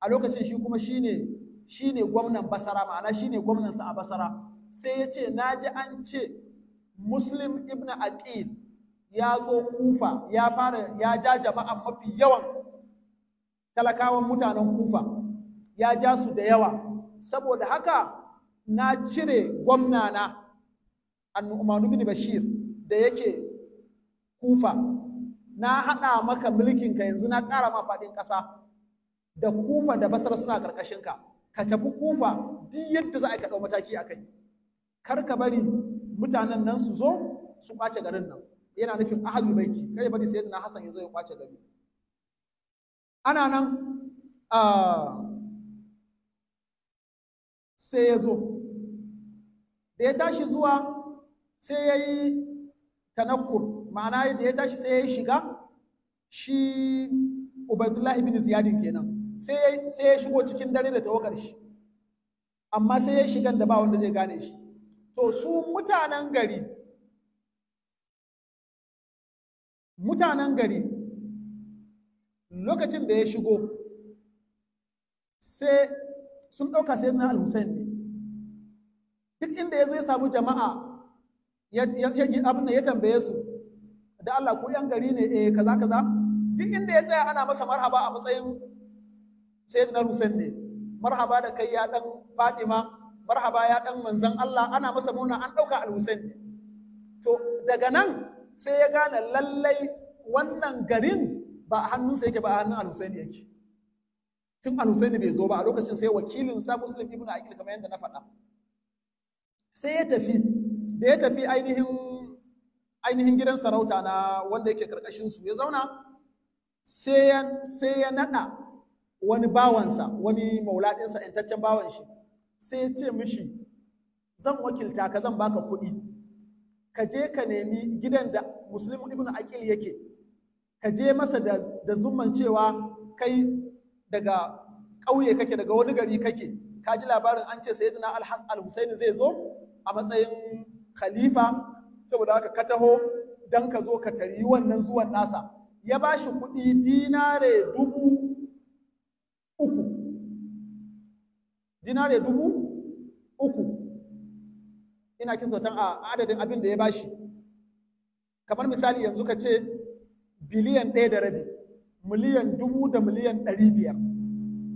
a lokacin shi kuma shine shine gwamnan Basara ma'ana shine sa a Basara sai ya ce naji an ce Muslim ibn Aqil ya zo Kufa ya fara ya ja jama'a mafi yawan talakawan mutanen Kufa ya ja su da yawa saboda haka na cire gwamnana Annu'man bin Bashir da yake Kufa na haɗa maka mulkin ka yanzu na ƙara ma faɗin ƙasa da kufa da basara suna ƙarƙashinka ka Ka tafi kufa duk yadda za a ka ɗau mataki a kai kar ka bari mutanen nan su zo su ƙwace garin nan yana nufin ahadul baiti kai bari sai na hasan ya ya ƙwace gari ana nan sai ya zo da ya tashi zuwa sai ya yi tanakkur ma'ana da ya tashi sai ya shiga shi Ubaidullah ibn Ziyadin kenan sai ya shigo cikin dare da tawakar shi amma sai ya shiga da ba wanda zai gane shi to su mutanen gari mutanen gari lokacin da ya shigo sai sun ɗauka sai na al-Hussein ne duk inda ya zo ya samu jama'a ya tambaye su da Allah ko yan gari ne eh kaza kaza duk inda ya tsaya ana masa marhaba a matsayin sayyidina Hussein ne marhaba da kai ya dan Fatima marhaba ya dan manzon Allah ana masa murna an dauka al-Hussein ne to daga nan sai ya gane lallai wannan garin ba a sai yake ba a hannun al-Hussein yake tun al-Hussein bai zo ba a lokacin sai wakilin sa Muslim ibn Aqil kamar yadda na faɗa sai ya tafi da ya tafi ainihin ainihin gidan sarauta na wanda yake karkashin su ya zauna sai ya naɗa wani bawansa wani mauladinsa intaccen bawan shi sai ya ce mishi zan wakilta ka zan baka kuɗi ka je ka nemi gidan da muslim ibn aqil yake ka je masa da, da zumman cewa kai daga ƙauye kake daga wani gari kake ka ji labarin an ce sayyidina al-husaini zai zo a matsayin khalifa saboda haka ka taho don ka zo ka tari wannan zuwan nasa ya ba shi kuɗi dinare dubu uku dinare dubu uku ina kisotan a adadin abin da ya ba shi kamar misali yanzu ka ce biliyan ɗaya da rabi miliyan dubu da miliyan ɗari biyar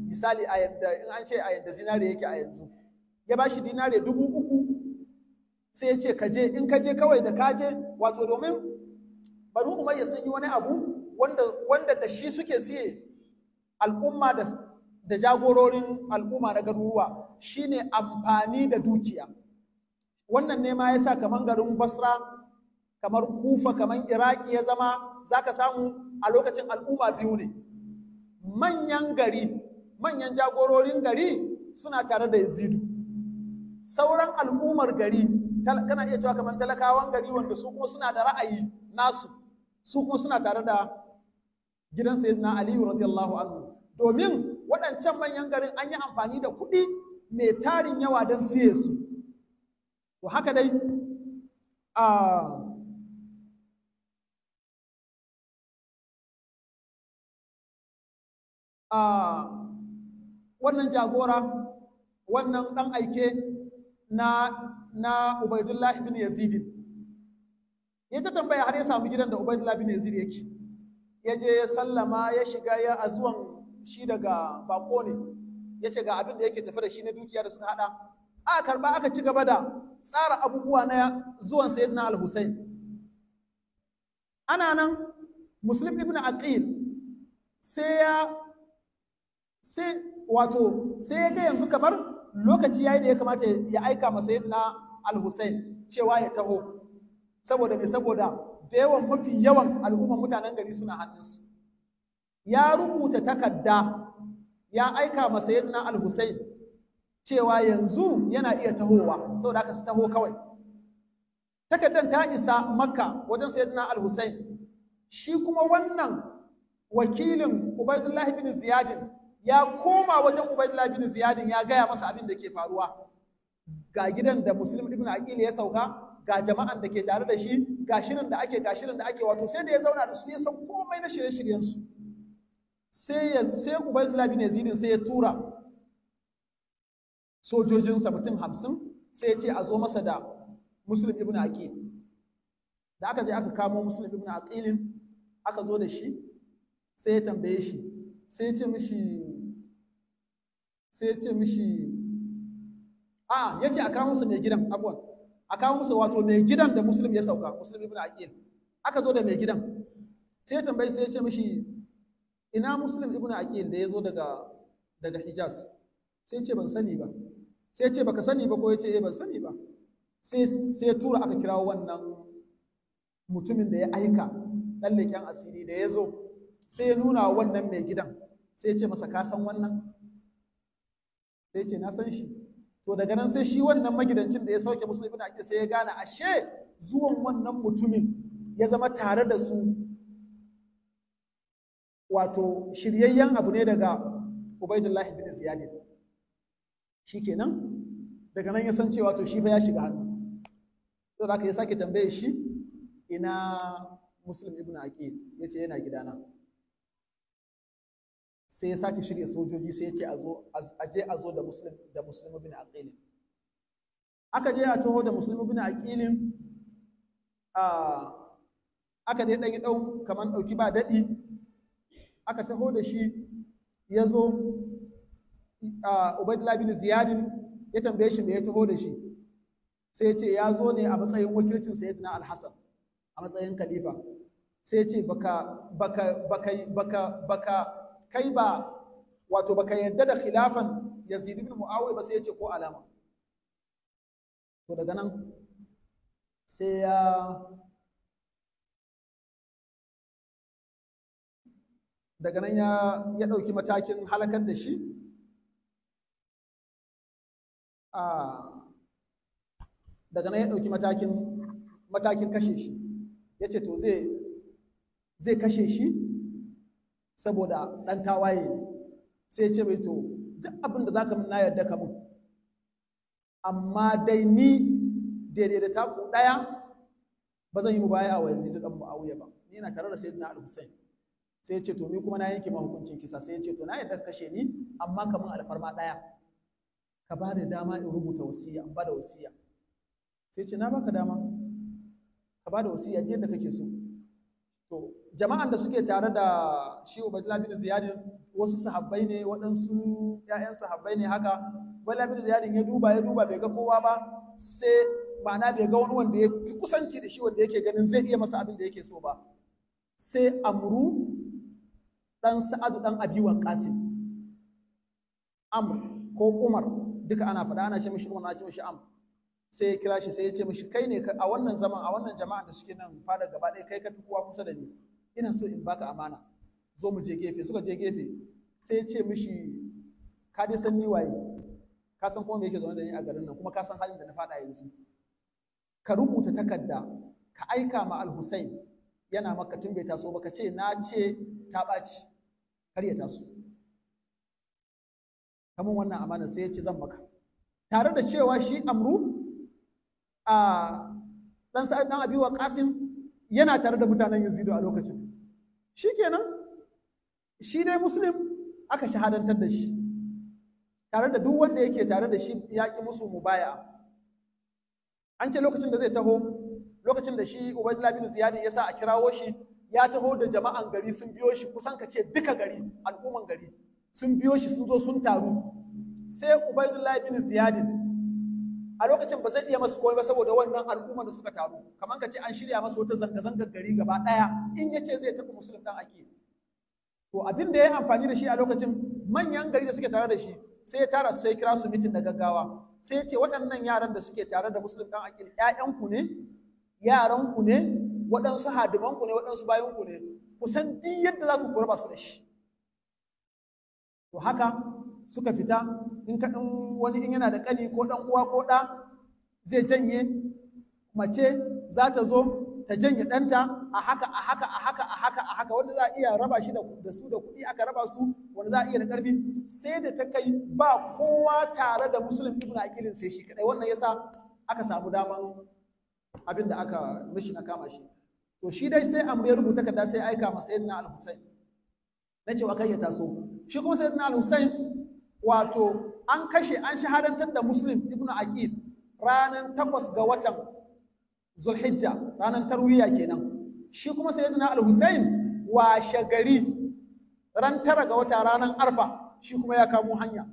misali a yadda in an ce a yadda dinare yake a yanzu ya ba shi dinare dubu uku sai ya ce ka je in ka je kawai da ka je wato domin bari umayya sun yi wani abu wanda da shi suke siye al'umma da jagororin al'umma na garuruwa shine amfani da dukiya wannan ne ma yasa kamar garin Basra kamar Kufa kamar Iraki ya zama zaka samu a lokacin al'umma biyu ne manyan gari manyan jagororin gari suna tare da Yazidu sauran al'ummar gari kana iya cewa kamar talakawan gari wanda su kuma suna da ra'ayi nasu su kuma suna tare da gidan sayyidina aliyu radiyallahu anhu domin waɗancan manyan garin an yi amfani da kuɗi mai tarin yawa don siye su to haka dai a wannan jagora wannan ɗan aike na na Ubaidullah ibn Yazid ya ta tambaya har ya samu gidan da Ubaidullah ibn Yazid yake ya je ya sallama ya shiga ya azuwan shi daga bako ne ya ce ga abin da yake tafi da shi na dukiya da suka hada aka karba aka ci gaba da tsara abubuwa na zuwan sayyidina al-Husayn ana nan Muslim ibn Aqil sai ya sai wato sai ya ga yanzu kamar lokaci yayi da ya kamata ya aika masa sayyidina al-Husayn cewa ya taho saboda me saboda da yawan mafi yawan al'umman mutanen gari suna su. ya rubuta takarda ya aika masa sayyidina al-Husayn cewa yanzu yana iya tahowa saboda haka su taho kawai takardar ta isa makka wajen sayyidina al-Husayn shi kuma wannan wakilin Ubaidullahi bin Ziyadin ya koma wajen Ubaidullah bin Ziyadin ya gaya masa abin da ke faruwa ga gidan da Muslim ibn Aqil ya sauka ga jama'an da ke tare da shi ga shirin da ake ga shirin da ake wato sai da ya zauna da su ya san komai na shirye-shiryen su sai ya sai Ubaidullah bin Yazidin sai ya tura sojojinsa mutum hamsin sai ya ce a zo masa da Muslim ibn Aqil da aka je aka kamo Muslim ibn Aqilin aka zo da shi sai ya tambaye shi sai ya ce mishi sai ya ce mishi a ya ce a kawo masa mai gidan abuwan a kawo masa wato mai gidan da musulmi ya sauka musulmi ibn aqil aka zo da mai gidan sai ya tambayi sai ya ce mishi ina musulmi ibn aqil da ya zo daga daga hijaz sai ya ce ban sani ba sai ya ce baka sani ba ko ya ce eh ban sani ba sai sai tura aka kira wannan mutumin da ya aika dan leken asiri da ya zo sai ya nuna wannan mai gidan sai ya ce masa ka san wannan sai ce na san shi to daga nan sai shi wannan magidancin da ya sauke musulmi na ake sai ya gane ashe zuwan wannan mutumin ya zama tare da su wato shiryayyen abu ne daga ubaidullahi bin ziyad kenan daga nan ya san cewa to shi fa ya shiga hannu to da aka ya sake tambaye shi ina muslim ibn aqil yace yana gidana sai ya sake shirya sojoji sai ya ce a je a zo da muslim da muslim bin aqilin aka je a taho da muslim bin aqilin aka dai dan dau kaman dauki ba dadi aka taho da shi ya zo Ubaidullah bin Ziyadin ya tambaye shi me ya taho da shi sai ya ce ya zo ne a matsayin wakilcin Sayyidina Al-Hasan a matsayin khalifa sai ya ce baka baka baka baka baka kai ba wato baka yadda da khilafan Yazid ibn Muawiya ba sai ya ce ko alama to daga nan sai ya daga nan ya ɗauki matakin halakar da shi daga nan ya ɗauki matakin matakin kashe shi ya ce to zai kashe shi saboda ɗan tawaye ne sai ce mai to duk abin da zaka na yarda ka mun amma dai ni daidai da taku ɗaya ba zan yi mu baya wa yanzu dan Muawiya ba ni yana tare da na Al-Husayn sai ya ce to ni kuma na yanke ma hukuncin kisa sai ya ce to na yarda kashe ni amma kaman alfarma ɗaya ka ba ni dama in rubuta wasiya in ba da wasiya sai ce na baka dama ka ba da wasiya yadda kake so jama'an da suke tare da shi Ubaidullah bin Ziyadin wasu sahabbai ne waɗansu ‘ya'yan sahabbai ne haka Ubaidullah bin Ziyadin ya duba ya duba bai ga kowa ba sai ma'ana bai ga wani wanda ya kusanci da shi wanda yake ganin zai iya masa abin da yake so ba sai amru ɗan sa'adu ɗan abi waqasim amr ko umar duka ana faɗa ana ce mishi umar ana ce mishi amr sai ya kira shi sai ya ce mishi kai ne a wannan zaman a wannan jama'an da suke nan fara gaba ɗaya kai ka fi kowa kusa da ni ina so in baka amana zo mu je gefe suka je gefe sai ya ce mishi ka dai san ni waye ka san kuma me yake zaune da ni a garin nan kuma ka san halin da na faɗa yanzu ka rubuta takarda ka aika ma al-Husain yana maka tun bai taso ba ka ce na ce ta ɓaci kar ya taso kamar wannan amana sai ya ce zan maka tare da cewa shi amru a dan sa'ad dan abiwa qasim yana tare da mutanen yazido a lokacin shikenan shi dai muslim aka shahadantar da shi tare da duk wanda yake tare da shi ya ki musu baya an ce lokacin da zai taho lokacin da shi ubaidullah bin ziyadi ya sa a kirawo shi ya taho da jama'an gari sun biyo shi kusan ka ce duka gari al'umman gari sun biyo shi sun zo sun taru sai ubaidullah bin ziyadin a lokacin ba zai iya masu komai ba saboda wannan al'ummar da suka taru kamar ka ce an shirya masa wata zanga-zangar gari gaba ɗaya in ya ce zai tafi musulun dan ake to abin da ya amfani da shi a lokacin manyan gari da suke tare da shi sai ya tara sai kira su mitin da gaggawa sai ya ce waɗannan yaran da suke tare da musulun ɗan akil ƴaƴanku ne yaranku ne waɗansu hadimanku ne waɗansu bayanku ne kusan duk yadda za ku kurba su da shi to haka suka fita in ka wani in yana da ƙani ko ɗan uwa ko ɗa zai janye mace za ta zo ta janye ɗanta a haka a haka a haka a haka a haka wanda za a iya raba shi da su da kuɗi aka raba su wanda za a iya da ƙarfi sai da ta kai ba kowa tare da musulun ibn aqilin sai shi kadai wannan yasa aka samu daman abin da aka mishi na kama shi to shi dai sai an ya rubuta kada sai aika ma sayyidina al-husayn na cewa kai ya taso shi kuma sayyidina al-husayn wato an kashe an shahadantar da muslim ibnu aqil ranar takwas ga watan zulhijja ranar tarwiya kenan shi kuma sayyidina al-husayn washe gari ran tara ga wata ranar arfa shi kuma ya kamo hanya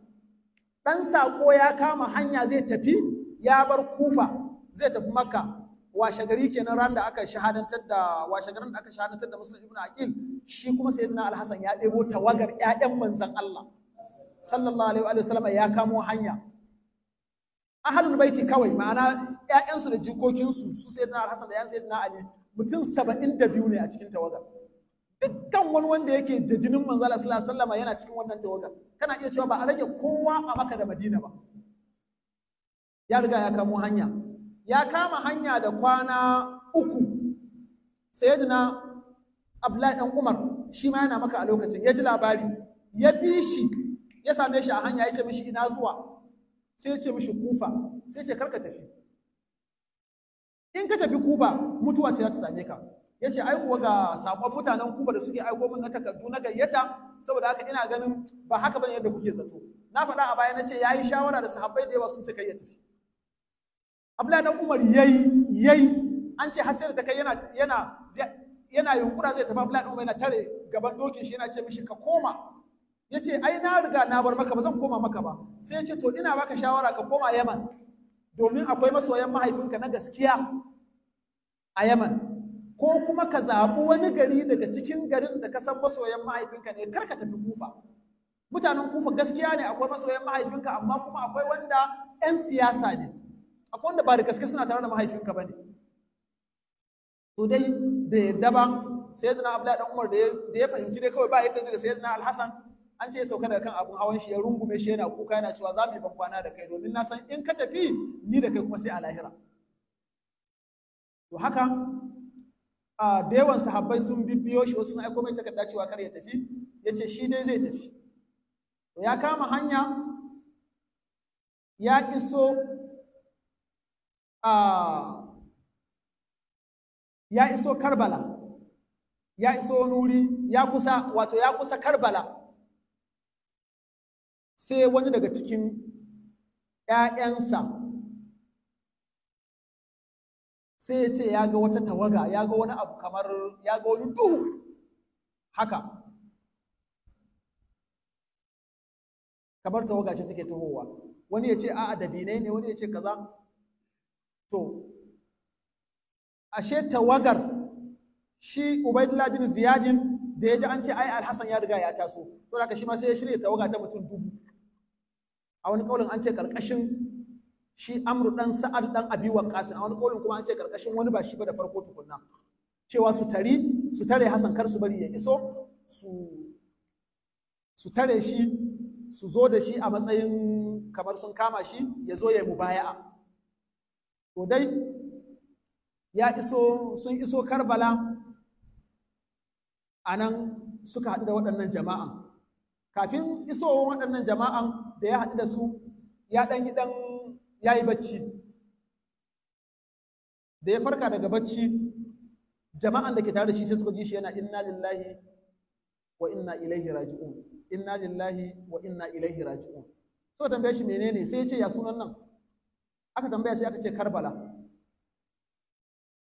dan sako ya kama hanya zai tafi ya bar kufa zai tafi makka washe gari kenan ran da aka shahadantar da washe garin da aka shahadantar da muslim ibnu aqil shi kuma sayyidina al-hasan ya ɗebo tawagar ƴaƴan manzon Allah sallallahu alaihi wa sallam ya kamo hanya ahlul baiti kawai ma'ana ƴaƴansu da jikokinsu su sai na hasan da sai na ali mutum 72 ne a cikin tawagar dukkan wani wanda yake da jinin manzo Allah sallallahu alaihi sallam yana cikin wannan tawagar kana iya cewa ba a rage kowa a maka da Madina ba ya riga ya kamo hanya ya kama hanya da kwana uku sayyidina Abdullahi dan Umar shi ma yana maka a lokacin ya ji labari ya bi shi ya same shi a hanya ya ce mishi ina zuwa sai ya ce mishi kufa sai ya ce karka tafi in ka tafi kuba mutuwa ce za ta same ka ya ce ai kuwa ga sakon mutanen kuba da suke aiko min na takardu na gayyata saboda haka ina ganin ba haka bane yadda kuke zato na faɗa a baya na ce yayi shawara da sahabbai da yawa sun ce kai ya tafi abla dan Umar yayi yayi an ce har sai da kai yana yana yana yunkura zai tafi abla dan Umar yana tare gaban dokin shi yana ce mishi ka koma ya ce ai na riga na bar maka ba zan koma maka ba sai ya ce to ina baka shawara ka koma yaman domin akwai masoyan mahaifinka na gaskiya a yaman ko kuma ka zaɓi wani gari daga cikin garin da ka san masoyan mahaifinka ne kar ka tafi kufa mutanen kufa gaskiya ne akwai masoyan mahaifinka amma kuma akwai wanda 'yan siyasa ne akwai wanda ba da gaske suna tare da mahaifinka ba ne to dai da yadda ba sayyidina da na abdullahi dan umar da ya fahimci dai kawai ba yadda zai da sayyidina da na alhassan an ce ya sauka daga kan abin hawan shi ya rungume shi yana kuka yana cewa za mu yi bankwana da kai domin na san in ka tafi ni da kai kuma sai a lahira to haka a da yawan sahabbai sun bibbiyo shi wasu aiko mai takarda cewa kar ya tafi yace shi dai zai tafi ya kama hanya ya iso a ya iso karbala ya iso wani wuri ya kusa wato ya kusa karbala sai wani daga cikin ‘ya'yansa sai ya ce ya ga wata tawaga ya ga wani abu kamar ya ga wani duhu haka kamar tawaga ce take tahowa wani ya ce a'a dabinai ne wani ya ce kaza to ashe tawagar shi ubaidullah bin ziyadin da ya ji an ce ai alhassan ya riga ya taso to haka shi ma sai ya shirya tawaga ta mutum dubu a wani kaulin an ce karkashin shi amru dan sa'ad dan abi waqas a wani kaulin kuma an ce karkashin wani ba shi ba da farko tukunna cewa su tari su tare hasan kar su bari ya iso su su tare shi su zo da shi a matsayin kamar sun kama shi ya zo ya mubaya'a to dai ya iso sun iso karbala a nan suka haɗu da waɗannan jama'an kafin isowa waɗannan jama'an da ya haɗu da su ya ɗan yi ɗan ya yi bacci da ya farka daga bacci jama'an da ke tare da shi sai suka ji shi yana inna lillahi wa inna ilaihi raji'un inna lillahi wa inna ilaihi raji'un so tambaye shi menene sai ya ce ya sunan nan aka tambaya sai aka ce karbala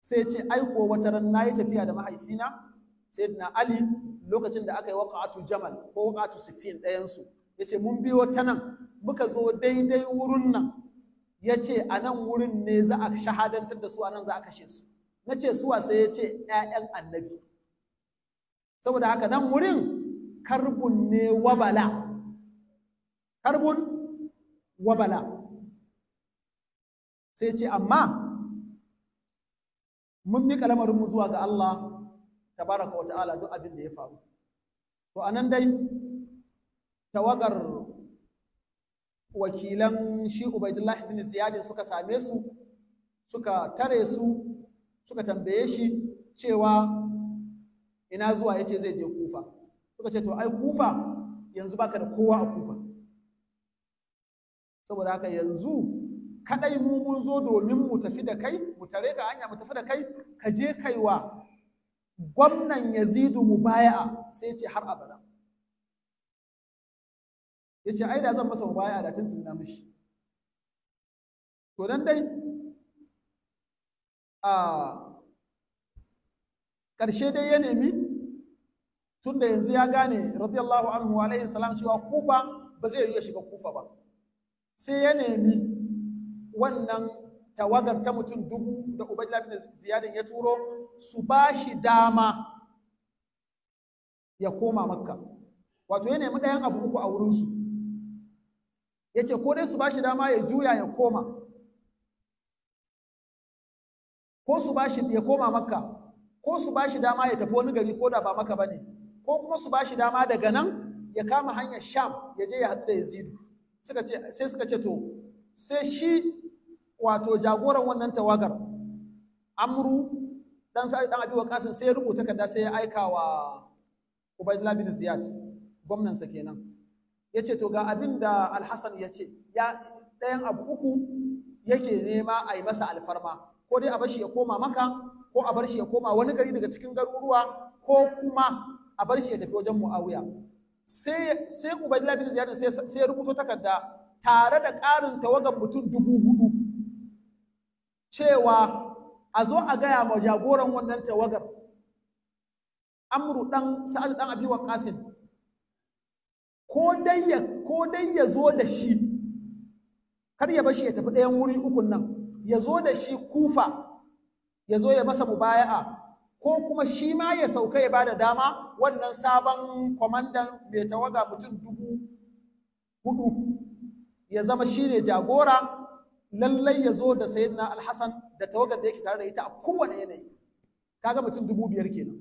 sai ya ce aiko wata ran nayi tafiya da mahaifina sayyidina ali lokacin da aka yi waqa'atu jamal ko waqa'atu siffin ɗayan su ya ce mun biyo ta nan muka zo daidai wurin nan ya ce a nan wurin ne za a shahadantar da su a nan za a kashe su na ce suwa sai ya ce ‘ya'yan annabi saboda haka nan wurin karbun ne wabala karbun wabala sai ce amma mun lamarin mu zuwa ga Allah tabaraka wa ta'ala duk abin da ya faru to anan dai tawagar wakilan shi Ubaidullah ibn Ziyad suka same su suka tare su suka tambaye shi cewa ina zuwa yace zai je Kufa suka ce to ai Kufa yanzu baka da kowa a Kufa saboda haka yanzu kadai mu mun zo domin mu tafi da kai mu tare ka hanya mu tafi da kai ka je kaiwa gwamnan Yazidu mubaya'a sai ce har abada ya ce ai da zan masa baya da tuntun na mishi to dan dai a ƙarshe dai ya nemi tun da yanzu ya gane radiyallahu anhu alaihi salam cewa kufa ba zai yi shiga kufa ba sai ya nemi wannan tawagar ta mutum dubu da ubaidullah bin ziyadin ya turo su ba shi dama ya koma makka wato ya nemi ɗayan abu uku a wurinsu yace ko dai su bashi dama ya juya ya koma ko su bashi ya koma makka ko su bashi dama ya tafi wani gari ko da ba maka bane ko kuma su bashi dama daga nan ya kama hanyar sham ya je ya hadu da yazidu suka ce sai suka ce to sai shi wato jagoran wannan tawagar amru dan sai dan abi kasin sai ya rubuta kada sai ya aika wa ubaydullah bin ziyad gwamnan sa kenan ya ce to ga abin da alhassan ya ce ya ɗayan abu uku yake nema a yi masa alfarma ko dai a bar shi ya koma maka ko a bar shi ya koma wani gari daga cikin garuruwa ko kuma a bar shi ya tafi wajen muawiya sai sai ubaydillah bin ziyad sai sai ya rubuto takarda tare da ƙarin tawagan mutum dubu hudu cewa a zo a gaya ma jagoran wannan tawagar amru dan sa'ad dan abi ƙasin. ko dai ya dai zo da shi kar ya bashi ya tafi ɗayan wuri ukun nan ya zo da shi kufa ya zo ya masa mubaya'a ko kuma shi ma ya sauka ya bada dama wannan sabon kwamandan mai tawaga mutum dubu hudu ya zama shi ne jagora lallai ya zo da sayyidina alhassan da tawagar da yake tare da ita a kowane yanayi kaga mutum dubu biyar kenan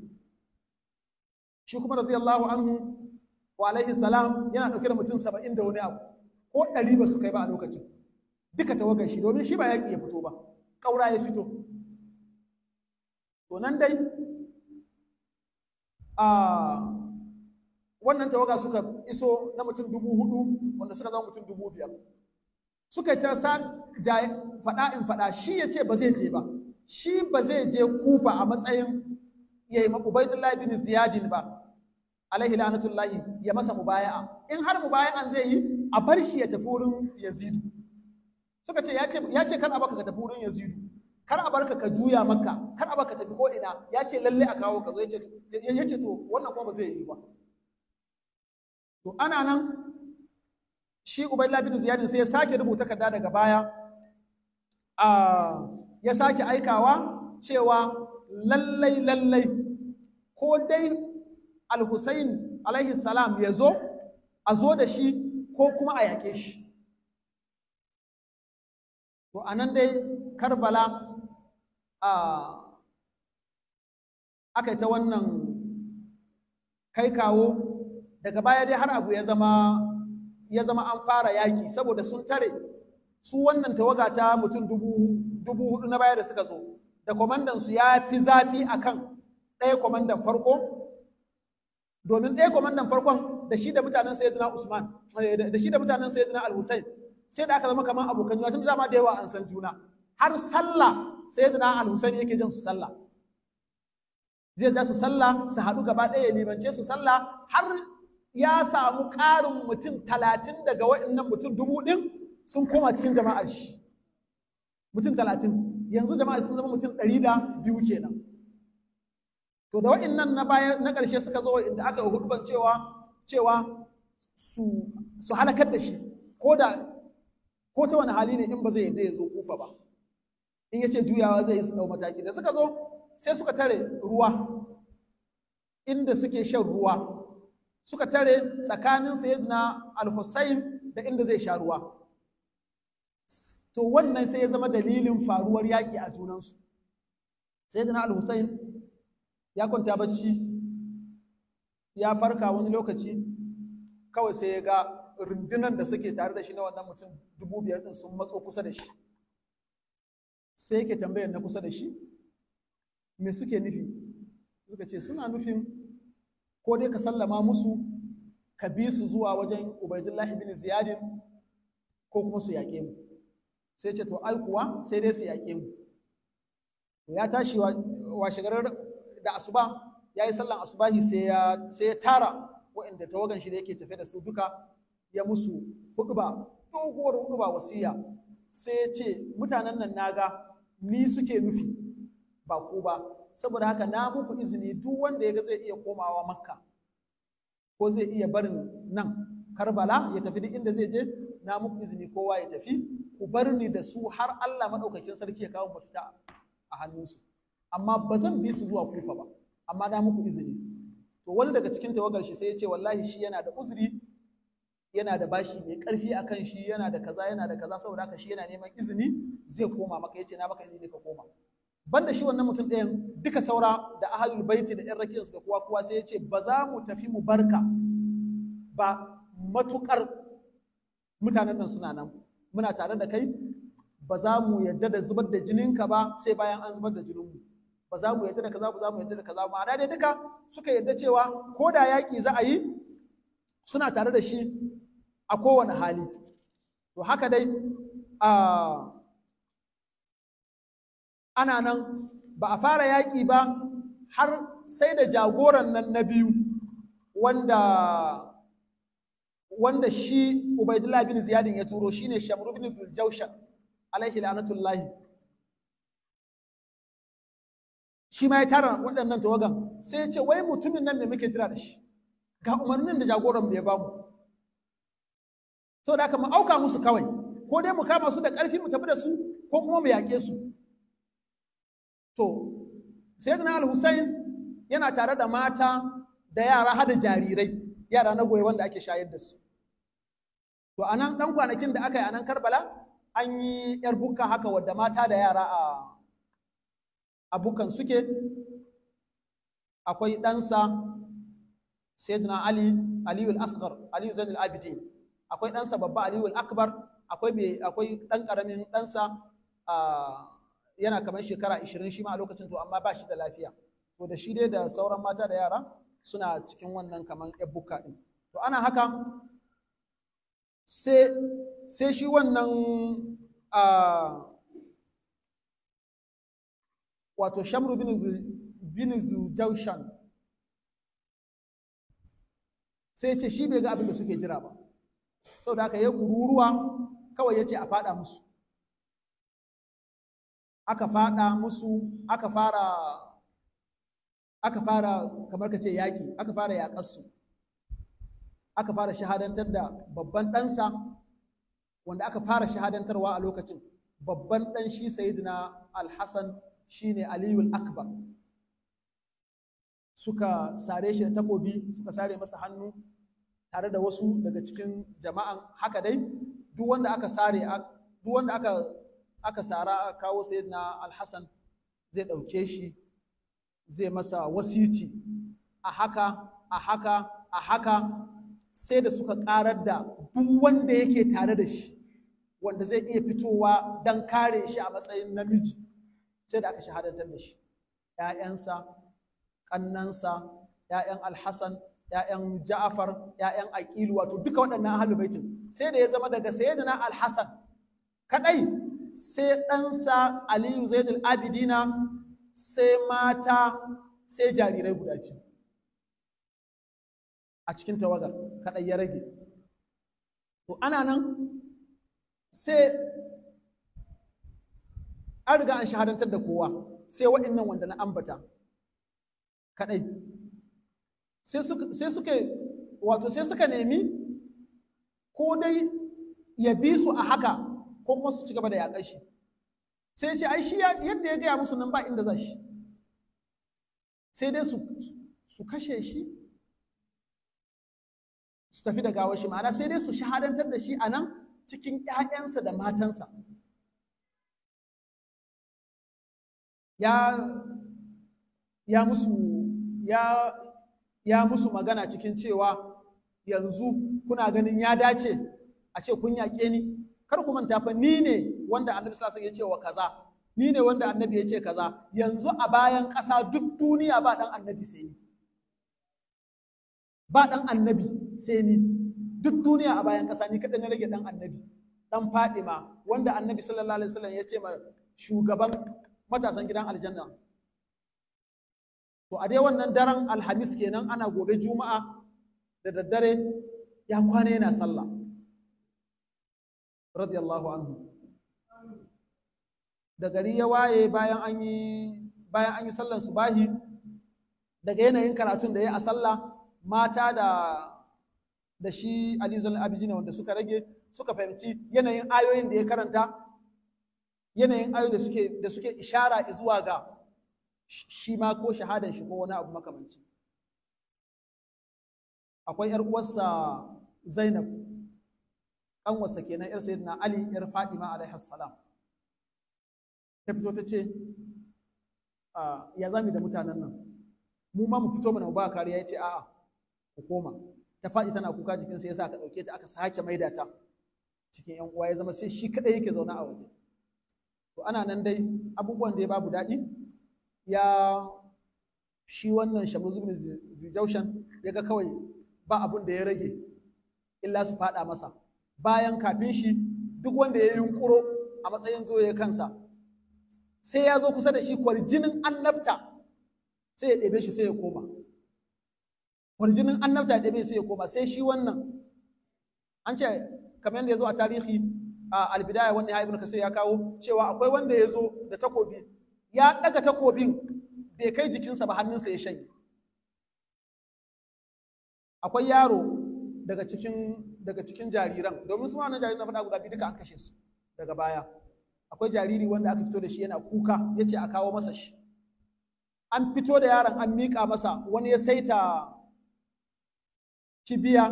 shi kuma radiyallahu anhu wa alaihi salam yana ɗauke da mutum saba'in da wani abu ko ɗari ba su kai ba a lokacin duka tawagar shi domin shi ba yaƙi ya fito ba ƙaura ya fito to nan dai a wannan tawaga suka iso na mutum dubu hudu wanda suka zama mutum dubu biyar suka ta sa faɗa in faɗa shi ya ce ba zai je ba shi ba zai je kufa a matsayin ya yi ubaidullahi bin ziyadin ba alaihi la'anatullahi ya masa mubaya'a in har mubaya'an zai yi a bar shi ya tafi wurin yazidu suka ce ya ce kar a baka ka tafi wurin yazidu kar a barka ka juya makka kar a baka tafi ko ina ya ce lalle a kawo ka zo ya ce to wannan kuma ba zai yi ba to ana nan shi ubaydullah bin ziyadin sai ya sake rubuta takarda daga baya a ya sake aikawa cewa lallai lallai ko dai al-Husayn alaihi salam ya zo a zo da shi ko kuma a yaƙe shi to a nan dai Karbala aka yi ta wannan kai kawo daga baya dai har abu ya zama ya zama an fara yaƙi saboda sun tare su wannan tawaga ta mutum dubu hudu na baya da suka zo da su ya fi zafi akan ɗaya kwamandan farko domin ɗaya komandan farkon da shi da mutanen sayyidina usman eh, da shi da mutanen sayyidina al-husayn sai da aka zama kamar abokan juna tun dama da yawa an san juna har sallah sayyidina al-husayn yake jin su sallah zai ja su sallah su haɗu gaba ɗaya limance su sallah har ya samu ƙarin mutum talatin daga waɗannan mutum dubu ɗin sun koma cikin jama'ar shi mutum talatin yanzu jama'ar sun zama mutum ɗari da biyu kenan to da wa'annan na baya na ƙarshe suka zo inda aka hukuban cewa cewa su su halakar da shi ko da ko ta wani hali ne in ba zai yadda ya zo kufa ba in yace juyawa zai yi su mataki da suka zo sai suka tare ruwa inda suke shan ruwa suka tare tsakanin sayyidina al-Husayn da inda zai sha ruwa to wannan sai ya zama dalilin faruwar yaƙi a junansu sayyidina al-Husayn ya kwanta bacci ya farka wani lokaci kawai sai ya ga rundunan da suke tare da shi na wannan mutum dubu biyar din sun matso kusa da shi sai yake tambayar na kusa da shi me suke nufi suka ce suna nufin ko dai ka sallama musu ka bi su zuwa wajen ubaidullahi bin ziyadin ko kuma su yaƙe mu sai ce to ai kuwa sai dai su yaƙe mu ya tashi washegarar da asuba ya yi sallan asubahi sai ya sai ya tara waɗanda tawagan shi da yake tafe da su duka ya musu hukba doguwar hukba wasiya sai ya ce mutanen nan naga ni suke nufi ba ku ba saboda haka na muku izini duk wanda ya ga zai iya komawa makka ko zai iya barin nan karbala ya tafi duk inda zai je na muku izini kowa ya tafi ku bar ni da su har allah maɗaukakin sarki ya kawo mafita a hannunsu amma ba zan bi su zuwa kufa ba amma na muku izini to wani daga cikin tawagar shi sai ya ce wallahi shi yana da uzuri yana da bashi mai karfi akan shi yana da kaza yana da kaza saboda haka shi yana neman izini zai koma maka yace na maka izini ka koma banda shi wannan mutum ɗayan duka saura da ahalul baiti da ƴan su da kowa kowa sai ya ce ba za mu tafi mu barka ba matukar mutanen nan suna nan muna tare da kai ba za mu yadda da zubar da jininka ba sai bayan an zubar da jininmu ba za mu yadda da kaza ba za mu yadda da kaza ma'ana dai duka suka yadda cewa ko da yaƙi za a yi suna tare da shi a kowane hali to haka dai a ana nan ba a fara yaƙi ba har sai da jagoran nan na biyu wanda wanda shi Ubaidullah bin Ziyadin ya turo shine Shamru bin Duljaushan alaihi la'natullahi shi ma ya tara waɗannan tawagan sai ya ce wai mutumin nan ne muke jira da shi ga umarnin da jagoran bai ya bamu sau da aka mu auka musu kawai ko dai mu kama su da ƙarfi mu tafi da su ko kuma mu yaƙe su to sayyidina al-husayn yana tare da mata da yara hada jarirai yara na goyi wanda ake shayar da su to anan dan kwanakin da aka yi anan karbala an yi yar bukka haka wadda mata da yara a abukan suke akwai ɗansa sayyidina ali aliyul asghar aliyu zainul abidin akwai ɗansa babba aliyul akbar akwai akwai ɗan ƙaramin ɗansa yana kamar shekara 20 shi ma a lokacin to amma ba shi da lafiya to da shi dai da sauran mata da yara suna cikin wannan kamar ebbuka ɗin to ana haka sai shi wannan wato shamru bin zujaushan sai ce shi bai ga abin da suke jira ba sau da aka yi kururuwa kawai ya ce a fada musu aka fada musu aka fara aka fara kamar ka ce yaƙi aka fara yaƙarsu aka fara shahadantar da babban ɗansa wanda aka fara shahadantarwa a lokacin babban ɗan shi sayidina alhassan shine aliyul akbar suka sare shi da takobi suka sare masa hannu tare da wasu daga cikin jama'an haka dai duk wanda aka sare duk wanda aka aka sara aka kawo sayyidina alhassan zai ɗauke shi zai masa wasici a haka a haka a haka sai da suka ƙarar da duk wanda yake tare da shi wanda zai iya fitowa don kare shi a matsayin namiji sai da aka shahadantar da shi ‘ya'yansa ƙannansa ‘ya'yan alhassan ‘ya'yan ja'afar ‘ya'yan aqilu wato duka waɗannan ahlul baitin sai da ya zama daga sayyidina alhassan kadai sai ɗansa aliyu zainul abidina sai mata sai jarirai guda biyu a cikin tawagar kadai ya rage to ana nan sai an riga an shahadantar da kowa sai waɗannan wanda na ambata kadai, sai suka wato sai suka nemi ko dai ya bi su a haka ko kuma su ci gaba da ya shi sai ce ai shi yadda ya gaya musu nan ba inda za shi sai dai su kashe shi su tafi da gawar ma'ana sai dai su shahadantar da shi a nan cikin ‘ya'yansa da matansa ya ya musu ya ya musu magana cikin cewa yanzu kuna ganin ya dace a ce kun yaƙe ni kar ku manta fa ni ne wanda annabi sallallahu alaihi wasallam ya ce wa kaza ni ne wanda annabi ya ce kaza yanzu a bayan ƙasa duk duniya ba dan annabi sai ni ba dan annabi sai ni duk duniya a bayan ƙasa ni kaɗai na rage dan annabi dan Fadima wanda annabi sallallahu alaihi wasallam ya ce ma shugaban matasan gidan aljanna to a dai wannan daren alhamis kenan ana gobe juma'a da daddare ya kwana yana sallah radiyallahu anhu da gari ya waye bayan an yi bayan an yi sallan subahi daga yanayin karatun da ya a sallah mata da da shi Ali Zul Abidin wanda suka rage suka fahimci yanayin ayoyin da ya karanta yanayin ayo da suke da suke ishara zuwa ga shi ma ko shahadan shi ko wani abu makamanci akwai yar uwarsa Zainab wasa kenan yar sayyidina Ali yar Fatima alaihi salam ta fito ta ce ya zami da mutanen nan mu ma mu fito mana ba kariya ya ce a'a ku koma ta faɗi tana kuka jikin jikinsa yasa aka ɗauke ta aka sake maida ta cikin yan uwa ya zama sai shi kaɗai yake zauna a waje to ana nan dai abubuwan da ya babu daɗi ya shi wannan shamuz ibn zijaushan ya ga kawai ba abun da ya rage illa su faɗa masa bayan kafin shi duk wanda ya yunƙuro a matsayin zoye kansa sai ya zo kusa da shi kwarjinin annabta sai ya ɗebe shi sai ya koma kwarjinin annabta ya ɗebe sai ya koma sai shi wannan an ce kamar yadda ya zo a tarihi albidaya wanda ya ibn kasir ya kawo cewa akwai wanda ya zo da takobi ya daga takobin bai kai jikinsa ba hannunsa ya shanye akwai yaro daga cikin daga cikin jariran domin su wannan jariran na faɗa guda biyu duka an kashe su daga baya akwai jariri wanda aka fito da shi yana kuka yace a kawo masa shi an fito da yaron an miƙa masa wani ya saita kibiya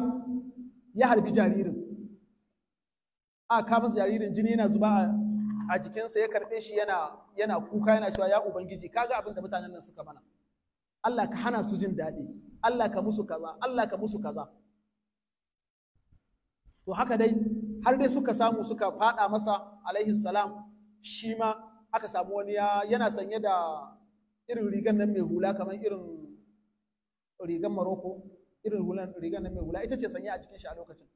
ya harbi jaririn a ka masa jaririn jini yana zuba a jikinsa ya karɓe shi yana yana kuka yana cewa ya ubangiji kaga abin da mutanen nan suka mana Allah ka hana su jin daɗi Allah ka musu kaza Allah ka musu kaza to haka dai har dai suka samu suka faɗa masa alaihi salam shi ma aka samu wani yana sanye da irin rigan nan mai hula kamar irin rigan Maroko irin rigan nan mai hula ita ce sanye a cikin shi a lokacin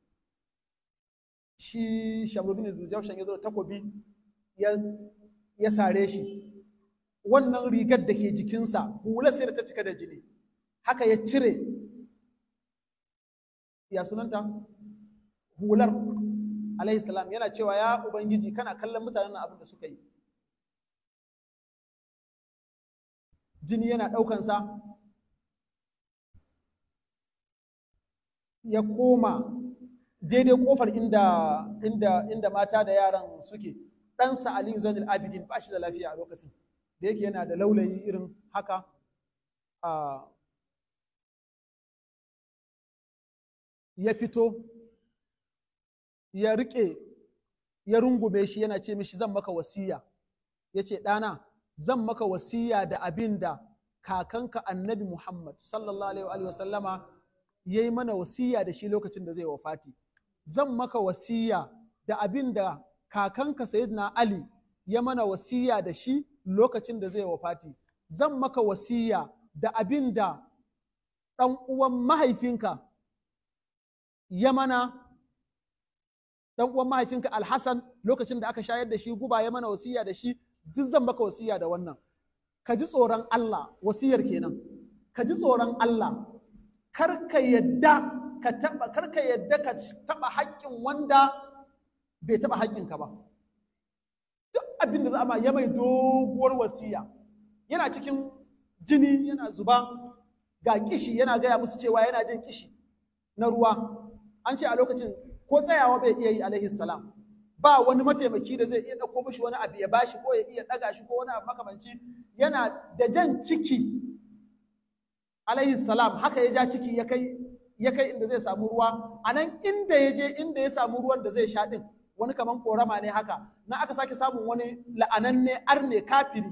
shi shamrudin zujaushan ya zo takobi ya sare shi wannan rigar da ke jikinsa hula sai da ta cika da jini haka ya cire ya sunanta hular alaihi salam yana cewa ya ubangiji kana kallon mutanen abin da suka yi jini yana ɗaukansa ya koma daidai kofar inda mata da yaran suke ɗansa Aliyu Zainul Abidin ba shi da lafiya a lokacin da yake yana da laulayi irin haka ya fito ya riƙe ya rungume shi yana ce mishi zan maka wasiya ya ce ɗana zan maka wasiya da abin da kakanka annabi Muhammad sallallahu alaihi wa ya yi mana wasiya da shi lokacin da zai wafati zan maka wasiya da abin da kakanka Sayyidina Ali ya mana wasiya da shi lokacin da zai wafati zan maka wasiya da abin da ɗan uwan mahaifinka ya mana ɗan uwan mahaifinka alhassan lokacin da aka shayar da shi guba ya mana wasiya da shi duk zan maka wasiya da wannan ka ji tsoron Allah wasiyar kenan ka ji tsoron Allah kar ka yadda ka taba ka yadda ka taba haƙƙin wanda bai taba ka ba duk abin da za a ya mai doguwar wasiya yana cikin jini yana zuba ga kishi yana gaya musu cewa yana jin kishi na ruwa an ce a lokacin ko tsayawa bai iya yi alaihi salam ba wani mataimaki da zai iya ɗauko mishi wani abu ya ba shi, ko ya iya ɗaga shi ko wani abu makamanci yana da jan ciki alaihi salam haka ya ja ciki ya kai ya kai inda zai samu ruwa a nan inda ya je inda ya samu ruwan da zai sha din wani kaman korama ne haka na aka sake samun wani la'ananne arne kafiri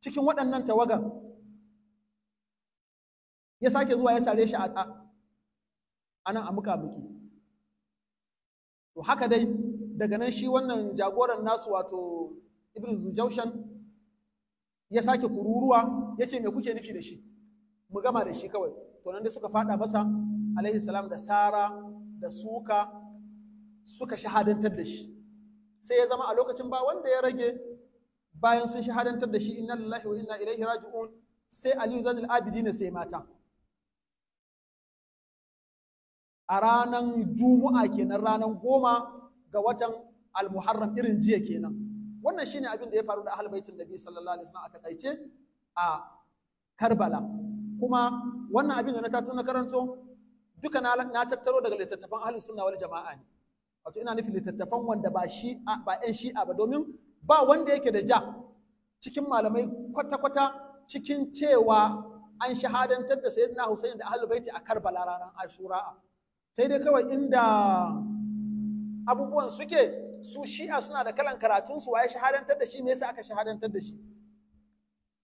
cikin waɗannan tawagan ya sake zuwa ya sare shi a nan muka muki to haka dai daga nan shi wannan jagoran nasu wato ibn zujaushan ya sake kururuwa ya ce me kuke nufi da shi mu gama da shi kawai to nan dai suka fada masa alaihi salam da sara da suka suka shahadantar da shi sai ya zama a lokacin ba wanda ya rage bayan sun shahadantar da shi inna lillahi wa inna ilaihi raji'un sai aliyu zanil abidina sai mata a ranan juma'a kenan ranan goma ga watan almuharram irin jiya kenan wannan shine abin da ya faru da ahlul baitin nabi sallallahu alaihi wasallam a takaice a karbala kuma wannan abin da na tattauna na karanto duka na tattaro daga littattafan ahlus suna wal jama'a ne wato ina nufin littattafan wanda ba shi'a ba yan shi'a ba domin ba wanda yake da ja cikin malamai kwata-kwata cikin cewa an shahadantar da sayyidina Hussein da ahlul baiti a Karbala ranar Ashura sai dai kawai inda abubuwan suke su shi'a suna da kalan karatun su waye shahadantar da shi me yasa aka shahadantar da shi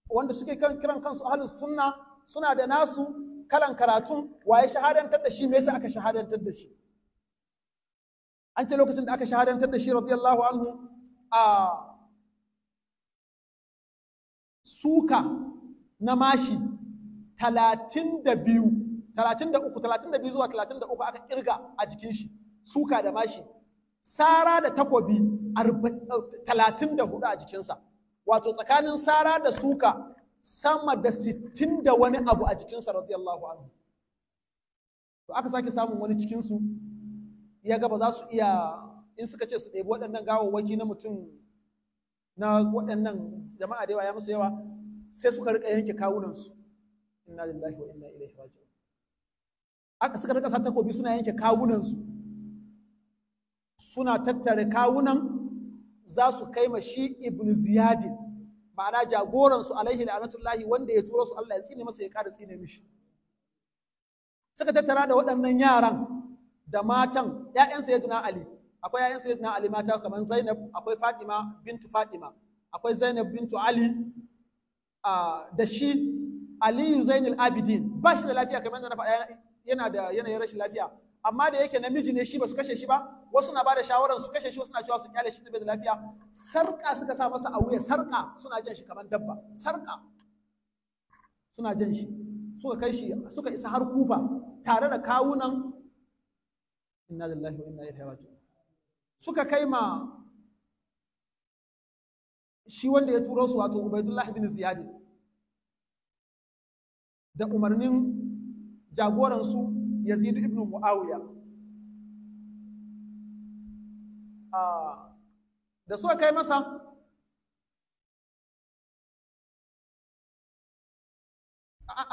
wanda suke kan kiran kansu ahlus sunna suna da nasu kalan karatun waye shahadantar da shi me yasa aka shahadantar da shi an ce lokacin da aka shahadantar da shi radiyallahu anhu a suka na mashi talatin da biyu talatin da uku talatin da biyu zuwa talatin da uku aka kirga a jikin shi suka da mashi sara da takobi talatin da hudu a jikinsa wato tsakanin sara da suka sama da sittin da wani abu a jikinsa radiyallahu anhu to aka sake samun wani cikinsu ya ga ba za su iya in suka ce su ɗebi waɗannan gawawwaki na mutum na waɗannan jama'a da yawa ya musu yawa sai suka rika yanke kawunansu inna lillahi wa inna ilaihi raji'un aka suka rika sa takobi suna yanke kawunansu suna tattare kawunan za su kai ma shi ibn ziyadin ma'ana jagoran su alaihi la'anatullahi wanda ya tura su Allah ya tsine masa ya ƙara tsine mishi suka tattara da waɗannan yaran da matan ƴaƴan sayyidina Ali akwai ƴaƴan sayyidina Ali mata kamar Zainab akwai Fatima bintu Fatima akwai Zainab bintu Ali da shi Aliyu Zainul Abidin ba shi da lafiya kamar na faɗa yana da yanayin rashin lafiya amma da yake namiji ne shi ba su kashe shi ba wasu na bada shawaran su kashe shi wasu na cewa su kyale shi da lafiya sarka suka sa masa a wuya sarka suna jan shi kamar dabba sarka suna jan shi suka kai shi suka isa har kufa tare da kawunan inna lillahi wa inna ilaihi raji'un suka kai ma shi wanda ya turo su wato Ubaydullah bin Ziyad da umarnin jagoransu Yazid ibn Muawiya Ah. da suka kai masa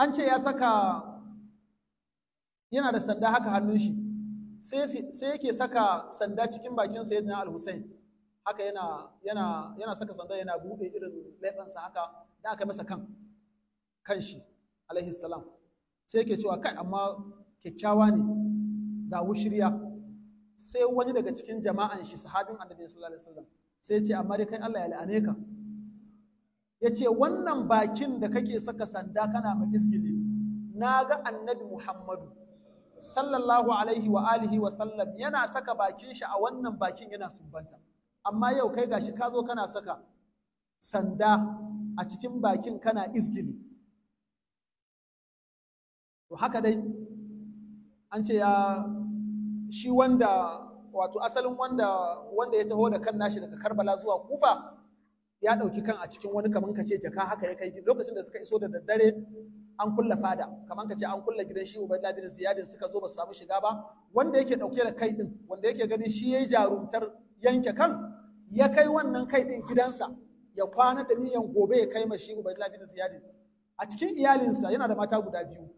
an ce ya saka yana da sanda haka hannun shi sai yake saka sanda cikin bakin sayyidina al-Husain haka yana saka sanda yana buɗe irin laifansa haka da aka masa kan kan shi alaihi salam sai yake cewa kai amma kyakkyawa ne ga wushiriya sai wani daga cikin jama'an shi sahabin annabi sallallahu alaihi wasallam sai ce amma dai kai Allah ya la'ane ka ya ce wannan bakin da kake saka sanda kana ma izgili na ga annabi Muhammadu sallallahu alaihi wa alihi wa sallam yana saka bakin shi a wannan bakin yana sumbanta amma yau kai gashi ka zo kana saka sanda a cikin bakin kana izgili to haka dai an ce ya shi wanda wato asalin wanda wanda ya taho da kan nashi daga Karbala zuwa Kufa ya ɗauki kan a cikin wani kaman kace jaka haka ya kai lokacin da suka iso da daddare an kulla fada kaman kace an kulla gidan shi Ubaydullah bin ziyadin suka zo ba su samu shiga ba wanda yake ɗauke da kai din wanda yake gani shi yayi jarumtar yanke kan ya kai wannan kai din gidansa ya kwana da niyan gobe ya kai ma shi Ubaydullah bin ziyadin a cikin iyalinsa yana da mata guda biyu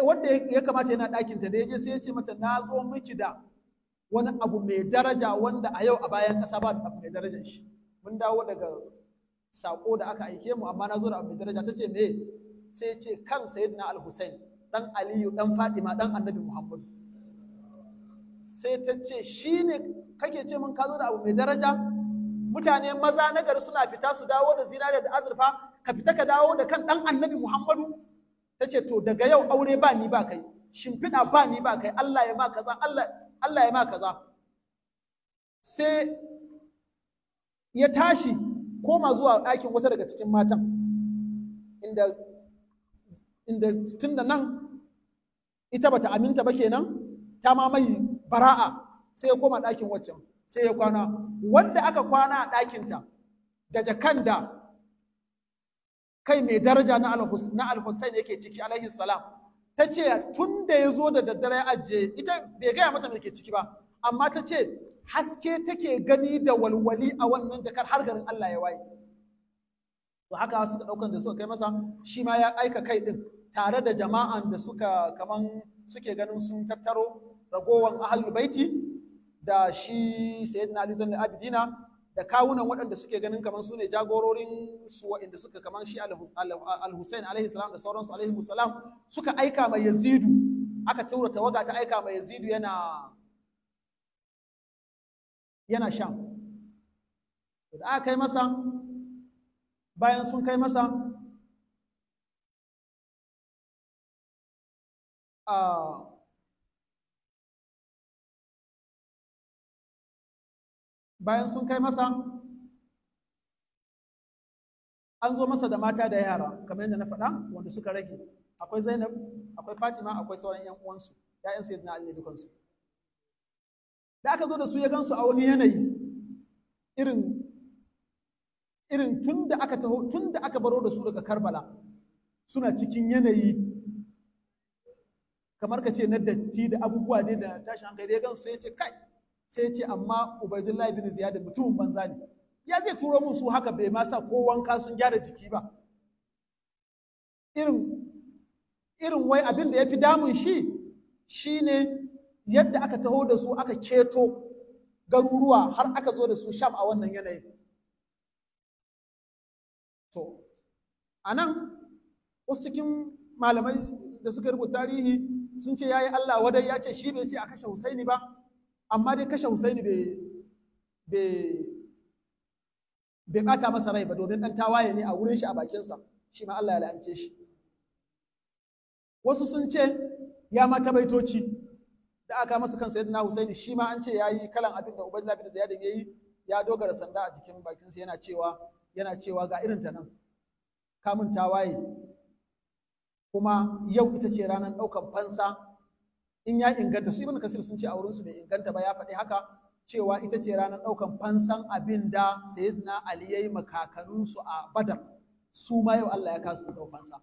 wanda ya kamata yana ɗakin ta da ya je sai ya ce mata na zo miki da wani abu mai daraja wanda a yau a bayan ƙasa ba abu mai daraja shi mun dawo daga sako da aka aike mu amma na zo da abu mai daraja ta ce me sai ya ce kan na al-husain dan aliyu dan fadima dan annabi Muhammadu sai ta ce shi ne kake ce mun ka zo da abu mai daraja mutane maza na gari suna fita su dawo da zinariya da azurfa ka fita ka dawo da kan ɗan annabi muhammadu Tace ce to daga yau aure ba ni ba kai shimfiɗa ba ni ba kai Allah ya ma kaza Allah Allah ya ma kaza sai ya tashi koma zuwa ɗakin wata daga cikin matan inda inda tun da nan ita bata aminta ba kenan ta ma mai bara'a sai ya koma ɗakin waccan sai ya kwana wanda aka kwana a ɗakinta da jakanda kai mai daraja na al-Husayn yake ciki alaihi salam ta ce tun da ya zo da daddare ya ajiye ita bai gaya mata me ke ciki ba amma ta ce haske take gani da walwali a wannan jakar har garin Allah ya waye to haka suka daukan da suka kai masa shi ma ya aika kai din tare da jama'an da suka kaman suke ganin sun tattaro ragowan ahlul baiti da shi sayyidina Ali zan abidina da kawunan waɗanda suke ganin kamar su ne jagororin su waɗanda suka kamar shi al-Hussein alaihi salam da sauransu alaihi salam suka aika mai Yazidu aka tura tawaga ta aika mai Yazidu yana yana Sham da aka kai masa bayan sun kai masa uh, bayan sun kai masa an zo masa da mata da yara kamar yadda na faɗa wanda suka rage akwai zainab akwai fatima akwai sauran yan uwansu ya'yan na ali dukansu da aka zo da su ya gansu a wani yanayi irin irin tun da aka taho tun aka baro da su daga karbala suna cikin yanayi kamar ka ce na datti da abubuwa dai da tashin hankali ya gansu ya ce kai sai ce amma ubaidullah ibn ziyad mutumin banza ne ya zai turo mun su haka bai ma sa ko wanka sun gyara jiki ba irin wai abin da ya fi damun shi shi ne yadda aka taho da su aka keto garuruwa har aka zo da su sham a wannan yanayi to a nan wasu cikin malamai da suka rubuta tarihi sun ce ya yi allah wadai ya ce shi bai ce a kashe husaini ba amma dai kashe husaini bai ɓata masa rai ba domin ɗan tawaye ne a wurin shi a bakinsa shi ma Allah ya la'ance shi wasu sun ce ya mata baitoci da aka masa kan sayyidina husaini shi ma an ce ya yi kalan abin da ubangiji bin ziyad ya yi ya dogara sanda a jikin bakinsa yana cewa yana cewa ga irin ta nan kamun tawaye kuma yau ita ce ranar ɗaukan fansa in ya inganta su ibn kasir sun ce a wurinsu bai inganta ba ya faɗi haka cewa ita ce ranar ɗaukan fansan abin da sayyidina ali ya yi makakanunsu a badar su ma yau Allah ya kasu su ɗau fansa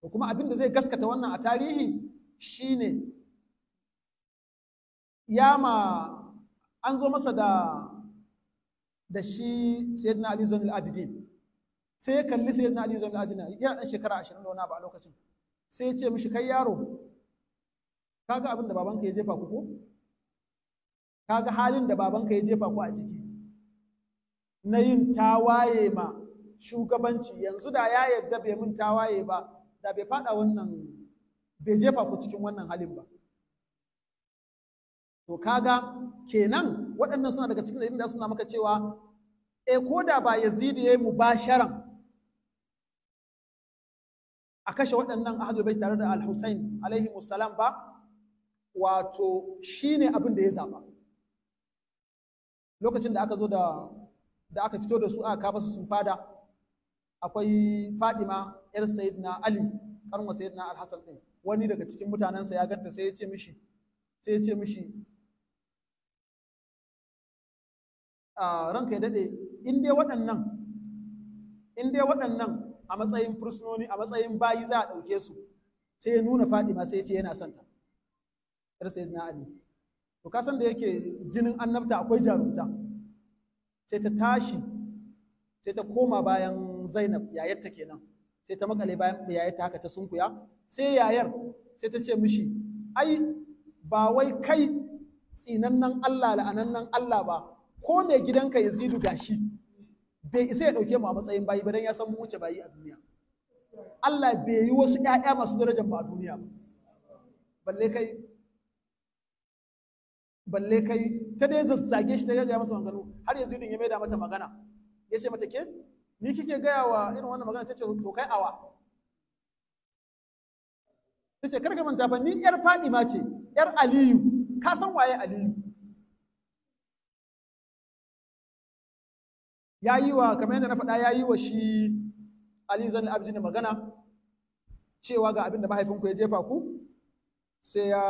to kuma abin da zai gaskata wannan a tarihi shine ya ma an zo masa da da shi sayyidina ali zonil abidin sai ya kalli sayyidina ali zonil abidin yana ɗan shekara ashirin da wani ba a lokacin sai ya ce mishi kai yaro kaga abin da babanka ya jefa ku ko kaga halin da babanka ya jefa ku a ciki na yin tawaye ma shugabanci yanzu da ya yadda bai mun tawaye ba da bai fada wannan bai jefa ku cikin wannan halin ba to ga kenan waɗannan suna daga cikin dalilin da suna maka cewa e ko da ba Yazid yayi mubasharan a kashe waɗannan ahadul bai tare da al husayn alaihi musallam ba wato shi ne abin da ya zaba lokacin da aka zo da aka fito da su aka kafa su fada akwai Fadima yar Sayyidina Ali karnwa Sayyidina al Alhassan. wani daga cikin mutanensa ya ganta sai ya ce mishi sai ya ce mishi a ranka ya dade in dai waɗannan in dai waɗannan a matsayin fursunoni a matsayin bayi za a ɗauke su sai ya nuna Fadima sai ya ce yana santa yar sayyidina ali to ka san da yake jinin annabta akwai jarumta sai ta tashi sai ta koma bayan zainab yayarta kenan sai ta makale bayan yayarta haka ta sunkuya sai yayar sai ta ce mishi ai ba wai kai tsinannan Allah la'anannan Allah ba ko mai gidanka Yazidu gashi bai isa ya dauke mu a matsayin bayi ba dan ya san mu wuce bayi a duniya Allah bai yi wasu 'yaya masu darajar ba a duniya ba balle kai balle kai ta dai zazzage shi ta gaya masa maganganu har yanzu yazidin ya maida mata magana ya ce mata ke ni kike gaya wa irin wannan magana ta ce to kai awa ta ce kar ka manta fa ni yar fadima ce yar aliyu ka san waye aliyu ya yi wa kamar yadda na faɗa ya yi wa shi aliyu zan abdin magana cewa ga abin da mahaifinku ya jefa ku sai ya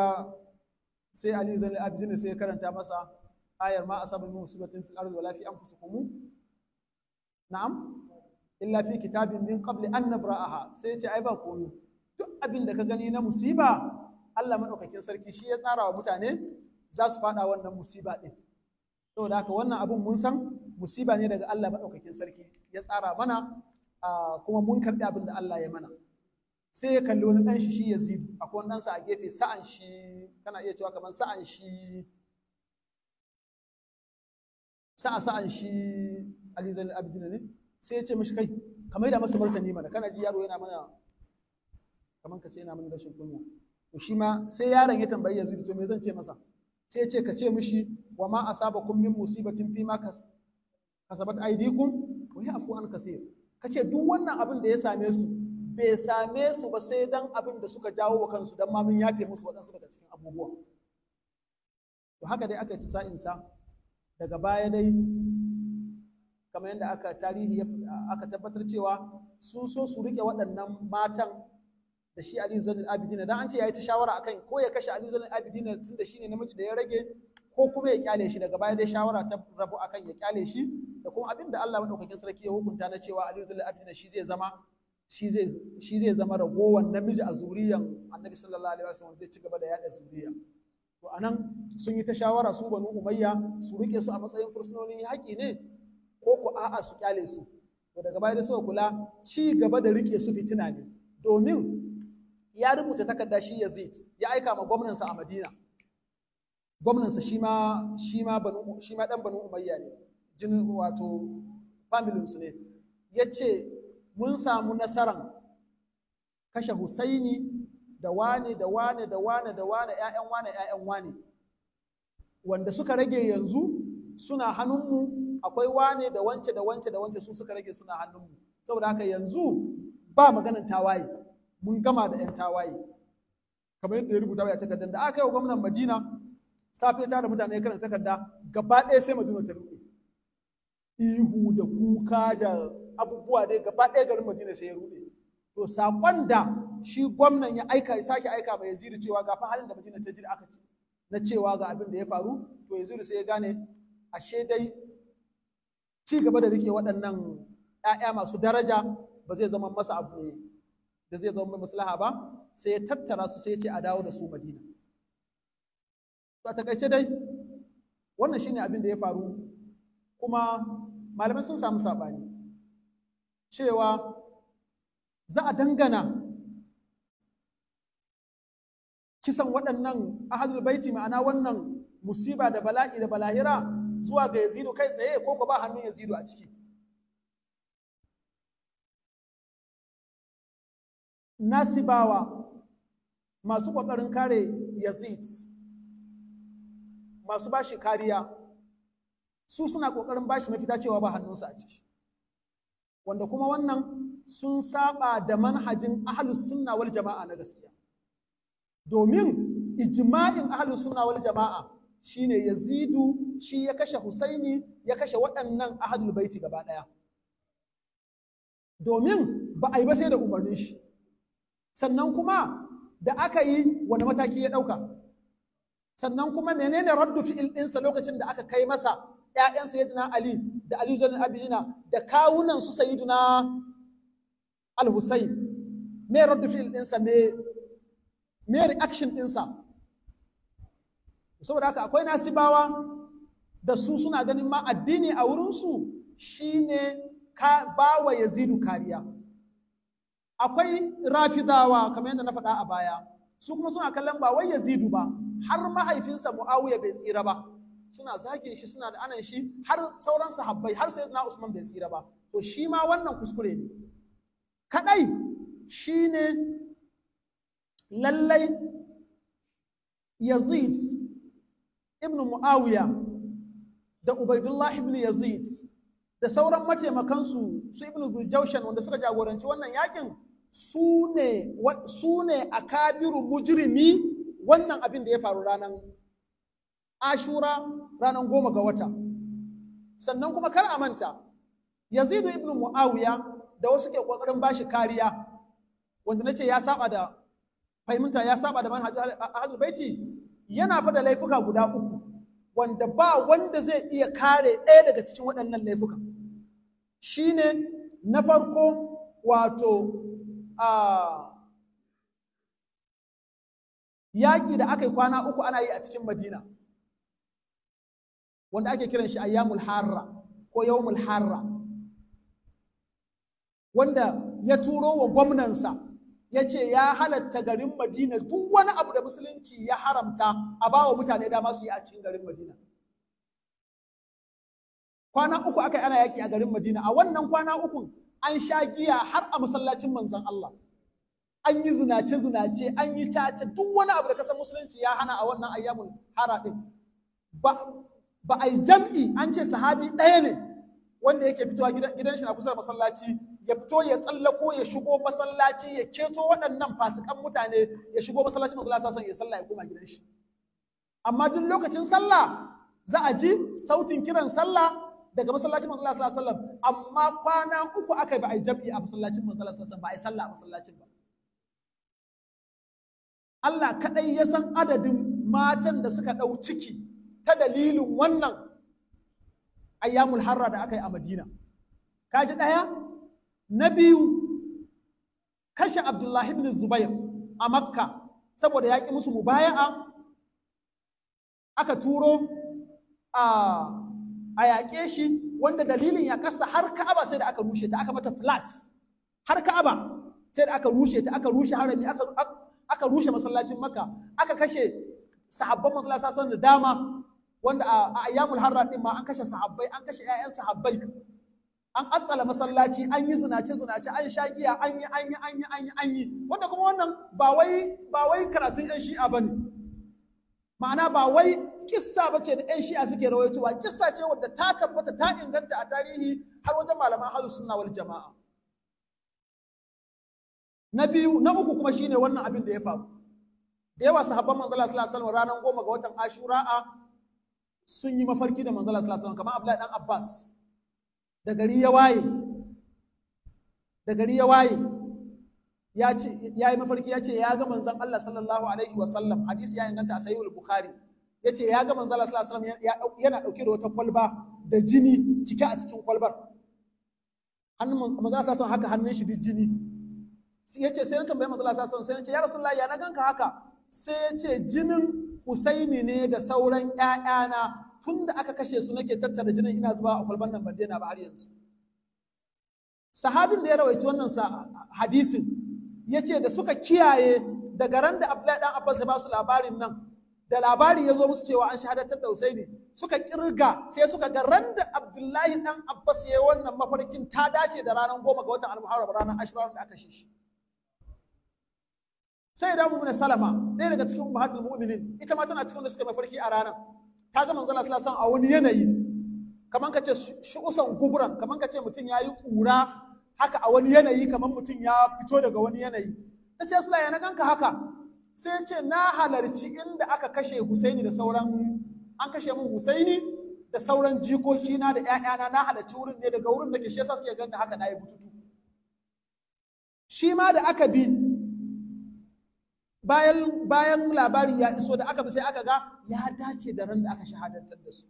sai ali zan abdin sai karanta masa ayar ma asabu min musibatin fil ardi wala fi anfusikum na'am illa fi kitabin min qabli an nabra'aha sai ya ce ai ba komai duk abin da ka gani na musiba Allah madaukakin sarki shi ya tsara wa mutane za su fada wannan musiba din saboda haka wannan abin mun san musiba ne daga Allah madaukakin sarki ya tsara mana ah, kuma mun karbi abin da Allah ya mana sai ya kalli wani ɗan shi shi Yazidu akwai wani ɗansa a gefe sa'an shi kana iya cewa kamar sa'an shi sa'a sa'an shi Ali Zainal ne sai ya ce mishi kai kamar da masa martani mana kana ji yaro yana mana kamar ka ce yana mana rashin kunya to shi ma sai yaron ya tambayi Yazidu to me zan ce masa sai ya ce ka ce mishi wa ma asabakum min musibatin fi ma kasabat aydikum wa yafu an ka ce duk wannan abin da ya same su bai same su ba sai dan abin da suka jawo wa kansu dan mamun ya fi musu waɗansu daga cikin abubuwa to haka dai aka ci sa'insa daga baya dai kamar yadda aka tarihi aka tabbatar cewa su so su rike waɗannan matan da shi Ali Zainul Abidin dan an ce yayi ta shawara akan ko ya kashe Ali Zainul Abidin tun da shine namiji da ya rage ko kuma ya kyale shi daga baya dai shawara ta rabu akan ya kyale shi da kuma abin da Allah madaukakin sarki ya hukunta na cewa Ali Zainul Abidin shi zai zama shi zai zama ragowar namiji a zuriyan annabi sallallahu alaihi wasallam zai ci gaba da yada zuriya to anan sun yi ta shawara su banu umayya su rike su a matsayin fursunonin haƙi ne ko ku a'a su kyale su to daga baya da suka kula ci gaba da rike su fitina ne domin ya rubuta takarda shi Yazid ya aika ma gwamnansa a Madina gwamnansa shi ma shi ma banu shi ma dan banu umayya ne jinin wato familin su ne yace mun samu nasaran kashe Husaini da wane da wane da wane da wane ‘ya'yan wane ‘ya'yan wane wanda suka rage yanzu suna hannunmu akwai wane da wance da wance da wance su suka rage suna hannunmu saboda haka yanzu ba maganin tawaye mun gama da ‘yan tawaye kamar yadda ya rubuta a takardar da aka yi wa gwamnan Madina safe ta da mutane karanta takarda gaba ɗaya sai Madina ta ruɗe ihu da kuka da abubuwa dai gaba ɗaya garin Madina sai ya ruɗe to saƙon da shi gwamnan ya aika ya sake aika mai Yazid cewa ga fa halin da Madina ta jira aka ce na cewa ga abin da ya faru to Yazid sai ya gane ashe dai ci gaba da rike waɗannan ‘ya'ya masu daraja ba zai zama masa abu ne da zai zama mai maslaha ba sai ya tattara su sai ya ce a dawo da su madina to a takaice dai wannan shine abin da ya faru kuma malamai sun samu saɓani cewa za a dangana kisan waɗannan ahadul baiti ma'ana wannan musiba da bala'i da balahira zuwa ga yazidu kai tsaye ko ko ba hannun yazidu a ciki nasibawa masu ƙoƙarin kare yazid masu bashi kariya su suna ƙoƙarin bashi mafita cewa ba hannunsa a ciki wanda kuma wannan sun saba da manhajin ahlus sunna wal jama'a na gaskiya domin ijima'in ahlus sunna wal jama'a shine yazidu shi ya kashe husaini ya kashe waɗannan ahlul baiti gaba ɗaya domin ba a yi ba sai da umarnin shi sannan kuma da aka yi wani mataki ya ɗauka sannan kuma menene raddu fi'il ɗinsa lokacin da aka kai masa ‘ya'yan sayyidina Ali da Ali Zainal Abidina da kawunan su sayyidina Al-Husayn me raddu fil ɗinsa me me reaction ɗinsa saboda haka akwai nasibawa da su suna ganin ma addini a wurinsu shine ka bawa yazidu kariya akwai rafidawa kamar yadda na faɗa a baya su kuma suna kallon ba wai yazidu ba har mahaifinsa mu'awiya bai tsira ba suna zagin shi suna da anan shi har sauran sahabbai har sai na Usman bai tsira ba to shi ma wannan kuskure ne kadai shine lallai Yazid ibn Muawiya da Ubaidullah ibn Yazid da sauran mataimakansu su ibn Zujawshan wanda suka jagoranci wannan yakin su ne akabiru mujrimi wannan abin da ya faru ranar ashura ranar goma ga wata sannan kuma kar a manta yazidu ibn muawiya da wasu ke kokarin bashi kariya wanda nace ya saba da fahimta ya saba da manhajul hadu baiti yana fada laifuka guda uku wanda ba wanda zai iya kare ɗaya daga cikin waɗannan laifuka shine na farko wato a yaƙi da aka yi kwana uku ana yi a cikin madina wanda ake kiran shi ayyamul harra ko yawmul harra wanda ya turo wa gwamnansa ya ce ya halatta garin madina duk wani abu da musulunci ya haramta a ba wa mutane dama su yi a cikin garin madina kwana uku aka yi ana yaƙi a garin madina a wannan kwana uku an sha giya har a masallacin manzon Allah an yi zinace-zinace an yi caca duk wani abu da kasan musulunci ya hana a wannan ayyamun hara ɗin ba a yi jam'i an ce sahabi ɗaya ne wanda yake fitowa gidan shi na kusa da masallaci ya fito ya tsallako ya shigo masallaci ya keto waɗannan fasikan mutane ya shigo masallaci mai gulasa son ya sallah ya koma gidan shi amma duk lokacin sallah za a ji sautin kiran sallah daga masallacin manzo Allah sallallahu alaihi amma kwana uku aka ba a yi jam'i a masallacin manzo Allah sallallahu ba a yi sallah a masallacin ba Allah kadai ya san adadin matan da suka ɗau ciki ta dalilin wannan ayyamul harra da aka yi a madina kaji ɗaya na biyu kashe abdullahi ibn zubair a makka saboda ya ƙi musu mubaya'a aka turo a yaƙe shi wanda dalilin ya ƙasa har ka'aba sai da aka rushe ta aka mata flat har ka'aba sai da aka rushe ta aka rushe harami aka rushe masallacin makka aka kashe sahabban manzala da dama wanda a ayyamul harra din ma an kashe sahabbai an kashe ƴaƴan sahabbai an attala masallaci an yi zinace zinace an sha giya an yi an yi an yi an yi an yi wanda kuma wannan ba wai ba wai karatun ƴan shi'a bane ma'ana ba wai kissa bace da ƴan shi'a suke rawaitowa kissa ce wadda ta tabbata ta inganta a tarihi har wajen malaman ahlus sunna wal jama'a na biyu na uku kuma shine wannan abin da ya faru da yawa sahabban manzo Allah sallallahu alaihi wasallam ranar goma ga watan Ashura sun yi mafarki da manzala sallallahu alaihi kamar Abdullahi dan Abbas da gari ya waye da gari ya waye ya ce ya yi mafarki ya ce ya ga manzon Allah sallallahu alaihi wa sallam hadisi ya inganta a sahihul bukhari ya ce ya ga manzala sallallahu alaihi wasallam yana dauke da wata kwalba da jini cike a cikin kwalbar hannun manzala sallallahu alaihi haka hannun shi duk jini ya ce sai na tambaye manzala sallallahu alaihi wasallam sai na ce ya rasulullahi ya na ganka haka sai ya ce jinin Husaini ne da sauran ‘ya'yana tun da aka kashe su nake tattara jinin ina zuba a kwalban nan ban ba har yanzu. Sahabin da ya rawaici wannan hadisin ya ce da suka kiyaye daga ran da Abdullahi dan Abbas ya ba su labarin nan da labari ya zo musu cewa an shahadatar da Husaini suka kirga sai suka garan da Abdullahi dan Abbas ya yi wannan mafarkin ta dace da ranar goma ga watan Al-Muharram ranar Ashura da aka shi. sai da mu salama ɗaya daga cikin ummatul mu'minin ita ma tana cikin da suka mafarki a ranar Ta manzon Allah sallallahu alaihi a wani yanayi kaman ka ce shu'usan kuburan kaman ka ce mutum yayi kura haka a wani yanayi kaman mutum ya fito daga wani yanayi ta ce sallallahu na ganka haka sai ce na halarci inda aka kashe Husaini da sauran an kashe mun Husaini da sauran jikoki na da ƴaƴana na halarci wurin ne daga wurin da ke shi yasa suke ganin haka na bututu shi ma da aka bi bayan bayan labari ya iso da aka bi sai aka ga ya dace da ran da aka shahadantar da su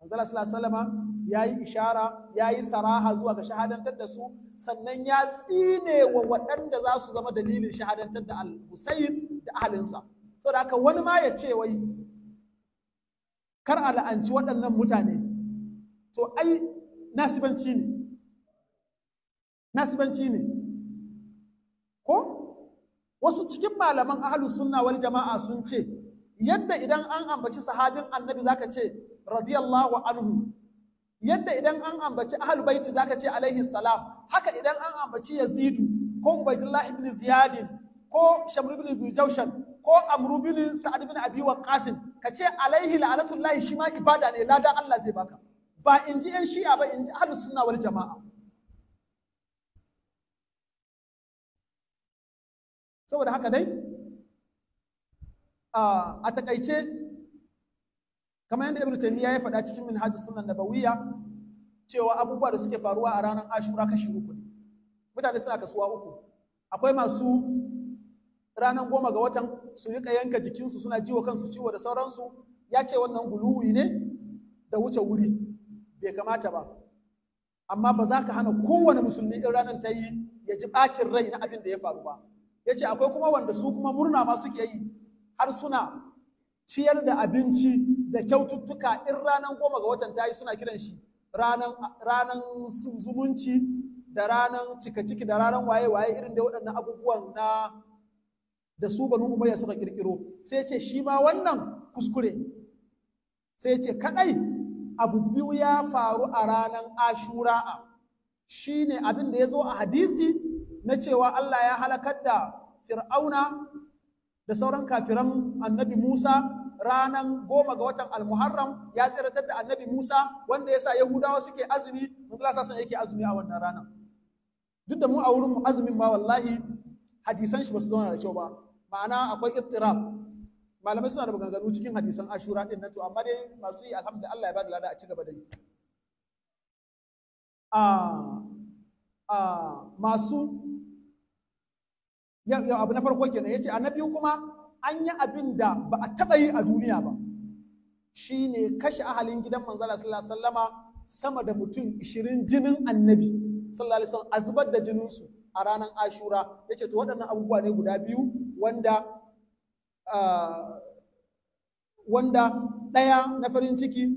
manzala sallallahu alaihi ya yi ishara ya yi saraha zuwa ga shahadantar da su sannan ya tsine wa waɗanda za su zama dalilin shahadantar da al-husayn da ahalinsa da haka wani ma ya ce wai kar a la'anci waɗannan mutane to ai nasibanci ne nasibanci ne ko wasu cikin malaman ahlus sunna wal jama'a sun ce yadda idan an ambaci sahabin annabi zaka ce radiyallahu anhu yadda idan an ambaci ahlu baiti zaka ce alaihi salam haka idan an ambaci yazidu ko ubaidullah ibn ziyadin ko shamru ibn zujaushan ko amru bin sa'ad bin abi waqasin ka ce alaihi la'anatullahi shi ma ibada ne lada Allah zai baka ba in ji yan shi'a ba in ji ahlu sunna wal jama'a saboda haka dai a takaice kamar yadda ibn taymiya ya faɗa cikin minhajus sunan nabawiyya cewa abubuwa da suke faruwa a ranar ashura kashi uku ne mutane suna kasuwa uku akwai masu ranar goma ga watan su riƙa yanka jikinsu suna jiwa kansu ciwo da sauransu ya ce wannan guluwi ne da wuce wuri bai kamata ba amma ba za ka hana kowane musulmi in ranar ta yi ya ji ɓacin rai na abin da ya faru ba ya ce akwai kuma wanda su kuma murna ma suke yi har suna ciyar da abinci da kyaututtuka in ranar goma ga watan ta yi suna kiran shi ranar zumunci da ranar cika-ciki da ranar waye-waye irin da waɗannan abubuwan na da su banu umayya suka kirkiro sai ce shi ma wannan kuskure sai ce kadai abu biyu ya faru a ranar ashura'a shine abin da ya zo a hadisi na cewa Allah ya halakar da fir'auna da sauran kafiran annabi Musa ranan goma ga watan almuharram ya tsiratar da annabi Musa wanda ya sa Yahudawa suke azumi mun ga sasan yake azumi a wannan rana? duk da mu a wurin mu azumin ma wallahi hadisan shi ba su zauna da kyau ba ma'ana akwai ittirab malamai suna da maganganu cikin hadisan ashura din na to amma dai masu yi alhamdulillah Allah ya bada lada a ci gaba da yi ah, ah, masu Yau abu na farko kenan yace annabi kuma an yi abin da ba a taba yi a duniya ba Shi ne kashe ahalin gidan manzala sallallahu sama da mutum 20 jinin annabi sallallahu alaihi wasallam azbar da jinin su a ranar ashura yace to waɗannan abubuwa ne guda biyu wanda wanda ɗaya na farin ciki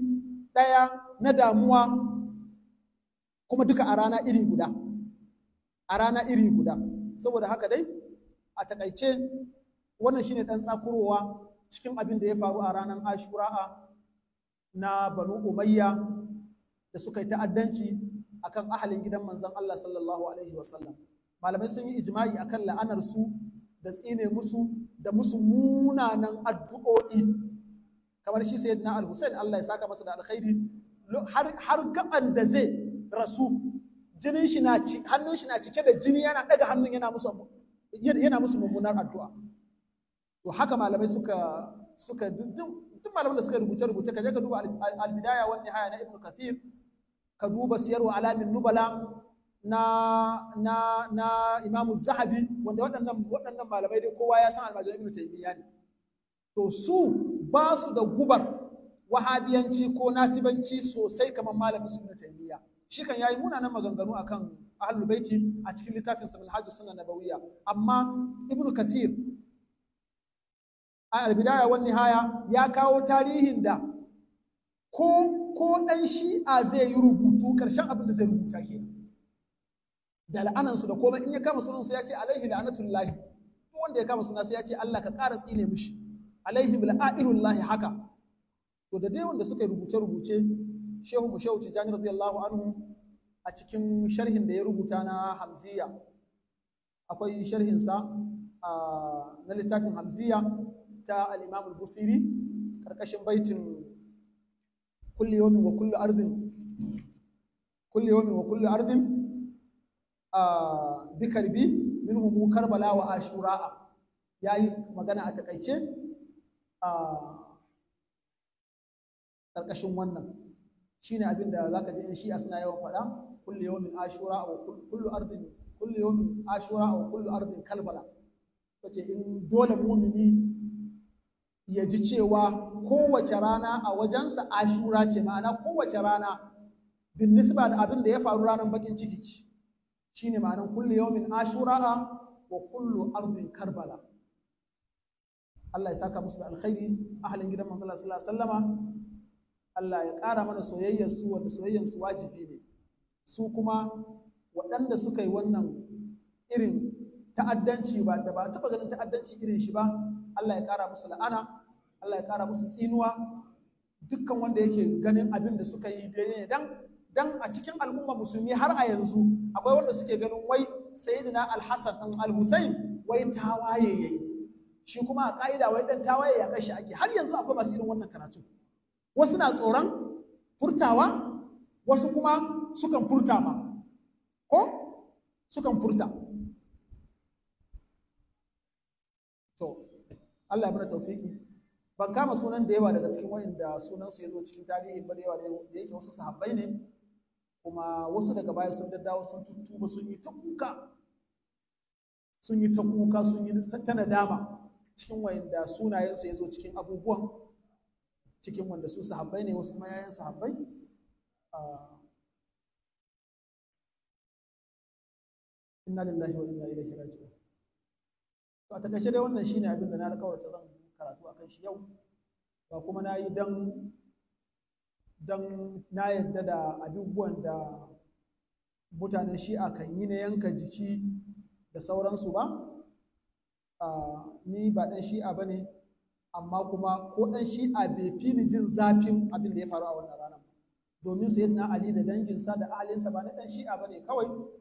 ɗaya na damuwa kuma duka a rana iri guda a rana iri guda saboda haka dai a takaice wannan shine dan tsakurowa cikin abin da ya faru a ranar ashura'a na banu umayya da suka yi ta'addanci akan ahalin gidan manzon Allah sallallahu alaihi wasallam malamai sun yi ijma'i akan la'anar su da tsine musu da musu munanan addu'o'i kamar shi sayyidina al-Husain Allah ya saka masa da alkhairi har gaban da zai rasu jinin shi na hannun shi na cike da jini yana daga hannun yana musu yana musu mummunar addu'a to haka malamai suka suka duk malamai da suka rubuce rubuce ka ka duba al-bidaya wa nihaya na ibnu kathir ka duba siyarwa alamin nubala na na na imamu zahabi wanda waɗannan waɗannan malamai dai kowa ya san almajirin ibnu taymiya ne to su ba su da gubar wahabiyanci ko nasibanci sosai kamar malamin ibnu taymiya shi kan yayi munanan maganganu akan ahlul baiti a cikin littafin sa manhajus sunna nabawiyya amma ibnu kathir a albidaya wan nihaya ya kawo tarihin da ko ko dan shi'a zai yi rubutu karshen abin da zai rubuta ke da la'anansu da komai in ya kama sunansu ya ce alaihi la'anatullahi wanda ya kama suna sa ya Allah ka ƙara tsine mishi alaihi bil'a'ilullahi haka to da dai wanda suka rubuce rubuce shehu mu shehu tijani radiyallahu anhu a cikin sharhin da ya rubuta na hamziya akwai sharhinsa na littafin hamziya ta al-imam al-busiri karkashin baitin kulli yawmin wa kulli ardin kulli yawmin wa kulli ardin bi karbi minhum karbala wa ashura'a yayi magana a takaice karkashin wannan shine abin da zaka ji in shi'a suna yawan faɗa kullu yawmin ashura wa kullu ardin kalbala tace in dole mumini ya ji cewa kowace rana a wajensa ashura ce ma'ana kowace rana bin nisba da abin da ya faru ranar bakin ciki ci shine ma'anan kullu yawmin ashura wa kullu ardin karbala Allah ya saka musu da alkhairi ahlin gidan manzon Allah sallallahu alaihi wasallama Allah ya kara mana soyayyar su wanda soyayyar su wajibi ne su kuma waɗanda suka yi wannan irin ta'addanci ba da ba taɓa ganin ta'addanci irin shi ba Allah ya ƙara musu la'ana Allah ya ƙara musu tsinuwa dukkan wanda yake ganin abin da suka yi daidai ne dan dan a cikin al'umma musulmi har a yanzu akwai wanda suke ganin wai sayyidina al-hasan dan al-husayn wai tawaye yayi shi kuma a ka'ida wai dan tawaye ya kashi ake har yanzu akwai masu irin wannan karatu wasu na tsoron furtawa wasu kuma sukan furta ma ko sukan furta to Allah ya bada tawfiki ban kama sunan da yawa daga cikin da sunan su yazo cikin tarihi ba da yawa da yake wasu sahabbai ne kuma wasu daga baya sun daddawo sun tuttuba sun yi ta kuka sun yi ta kuka sun yi ta nadama cikin da sunayen su yazo cikin abubuwan cikin wanda su sahabbai ne wasu mayayan sahabbai ah, inna lillahi wa inna ilaihi raji'un to a takaice dai wannan shine abin da na alƙawarta zan karatu akan shi yau ba kuma na yi dan dan na yadda da abubuwan da mutanen shi'a kan yi na yanka jiki da sauransu ba ni ba dan shi'a ba ne amma kuma ko ɗan shi'a bai fili jin zafin abin da ya faru a wannan ranar domin sayyidina ali da danginsa da ahalinsa ba na dan shi'a ba ne kawai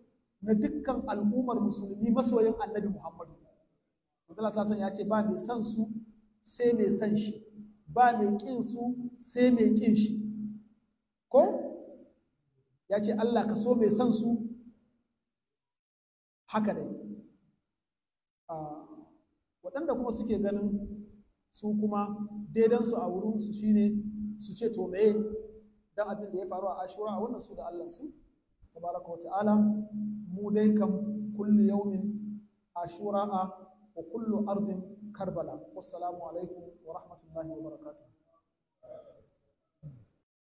na dukkan al'ummar musulmi masoyin annabi Muhammadu. Mutala Sassan ya ce ba mai san su sai mai san shi, ba mai ƙin su sai mai ƙin shi. Ko? Ya ce Allah ka so mai san su haka dai. Ah, waɗanda kuma suke ganin su kuma daidansu a wurin su shine su ce to meye don abin da ya faru a ashura a wannan su da Allah su. tabaraka wa ta'ala mu dai kam kullu yawmin ashura'a wa kullu ardin karbala wassalamu alaikum wa rahmatullahi wa barakatuh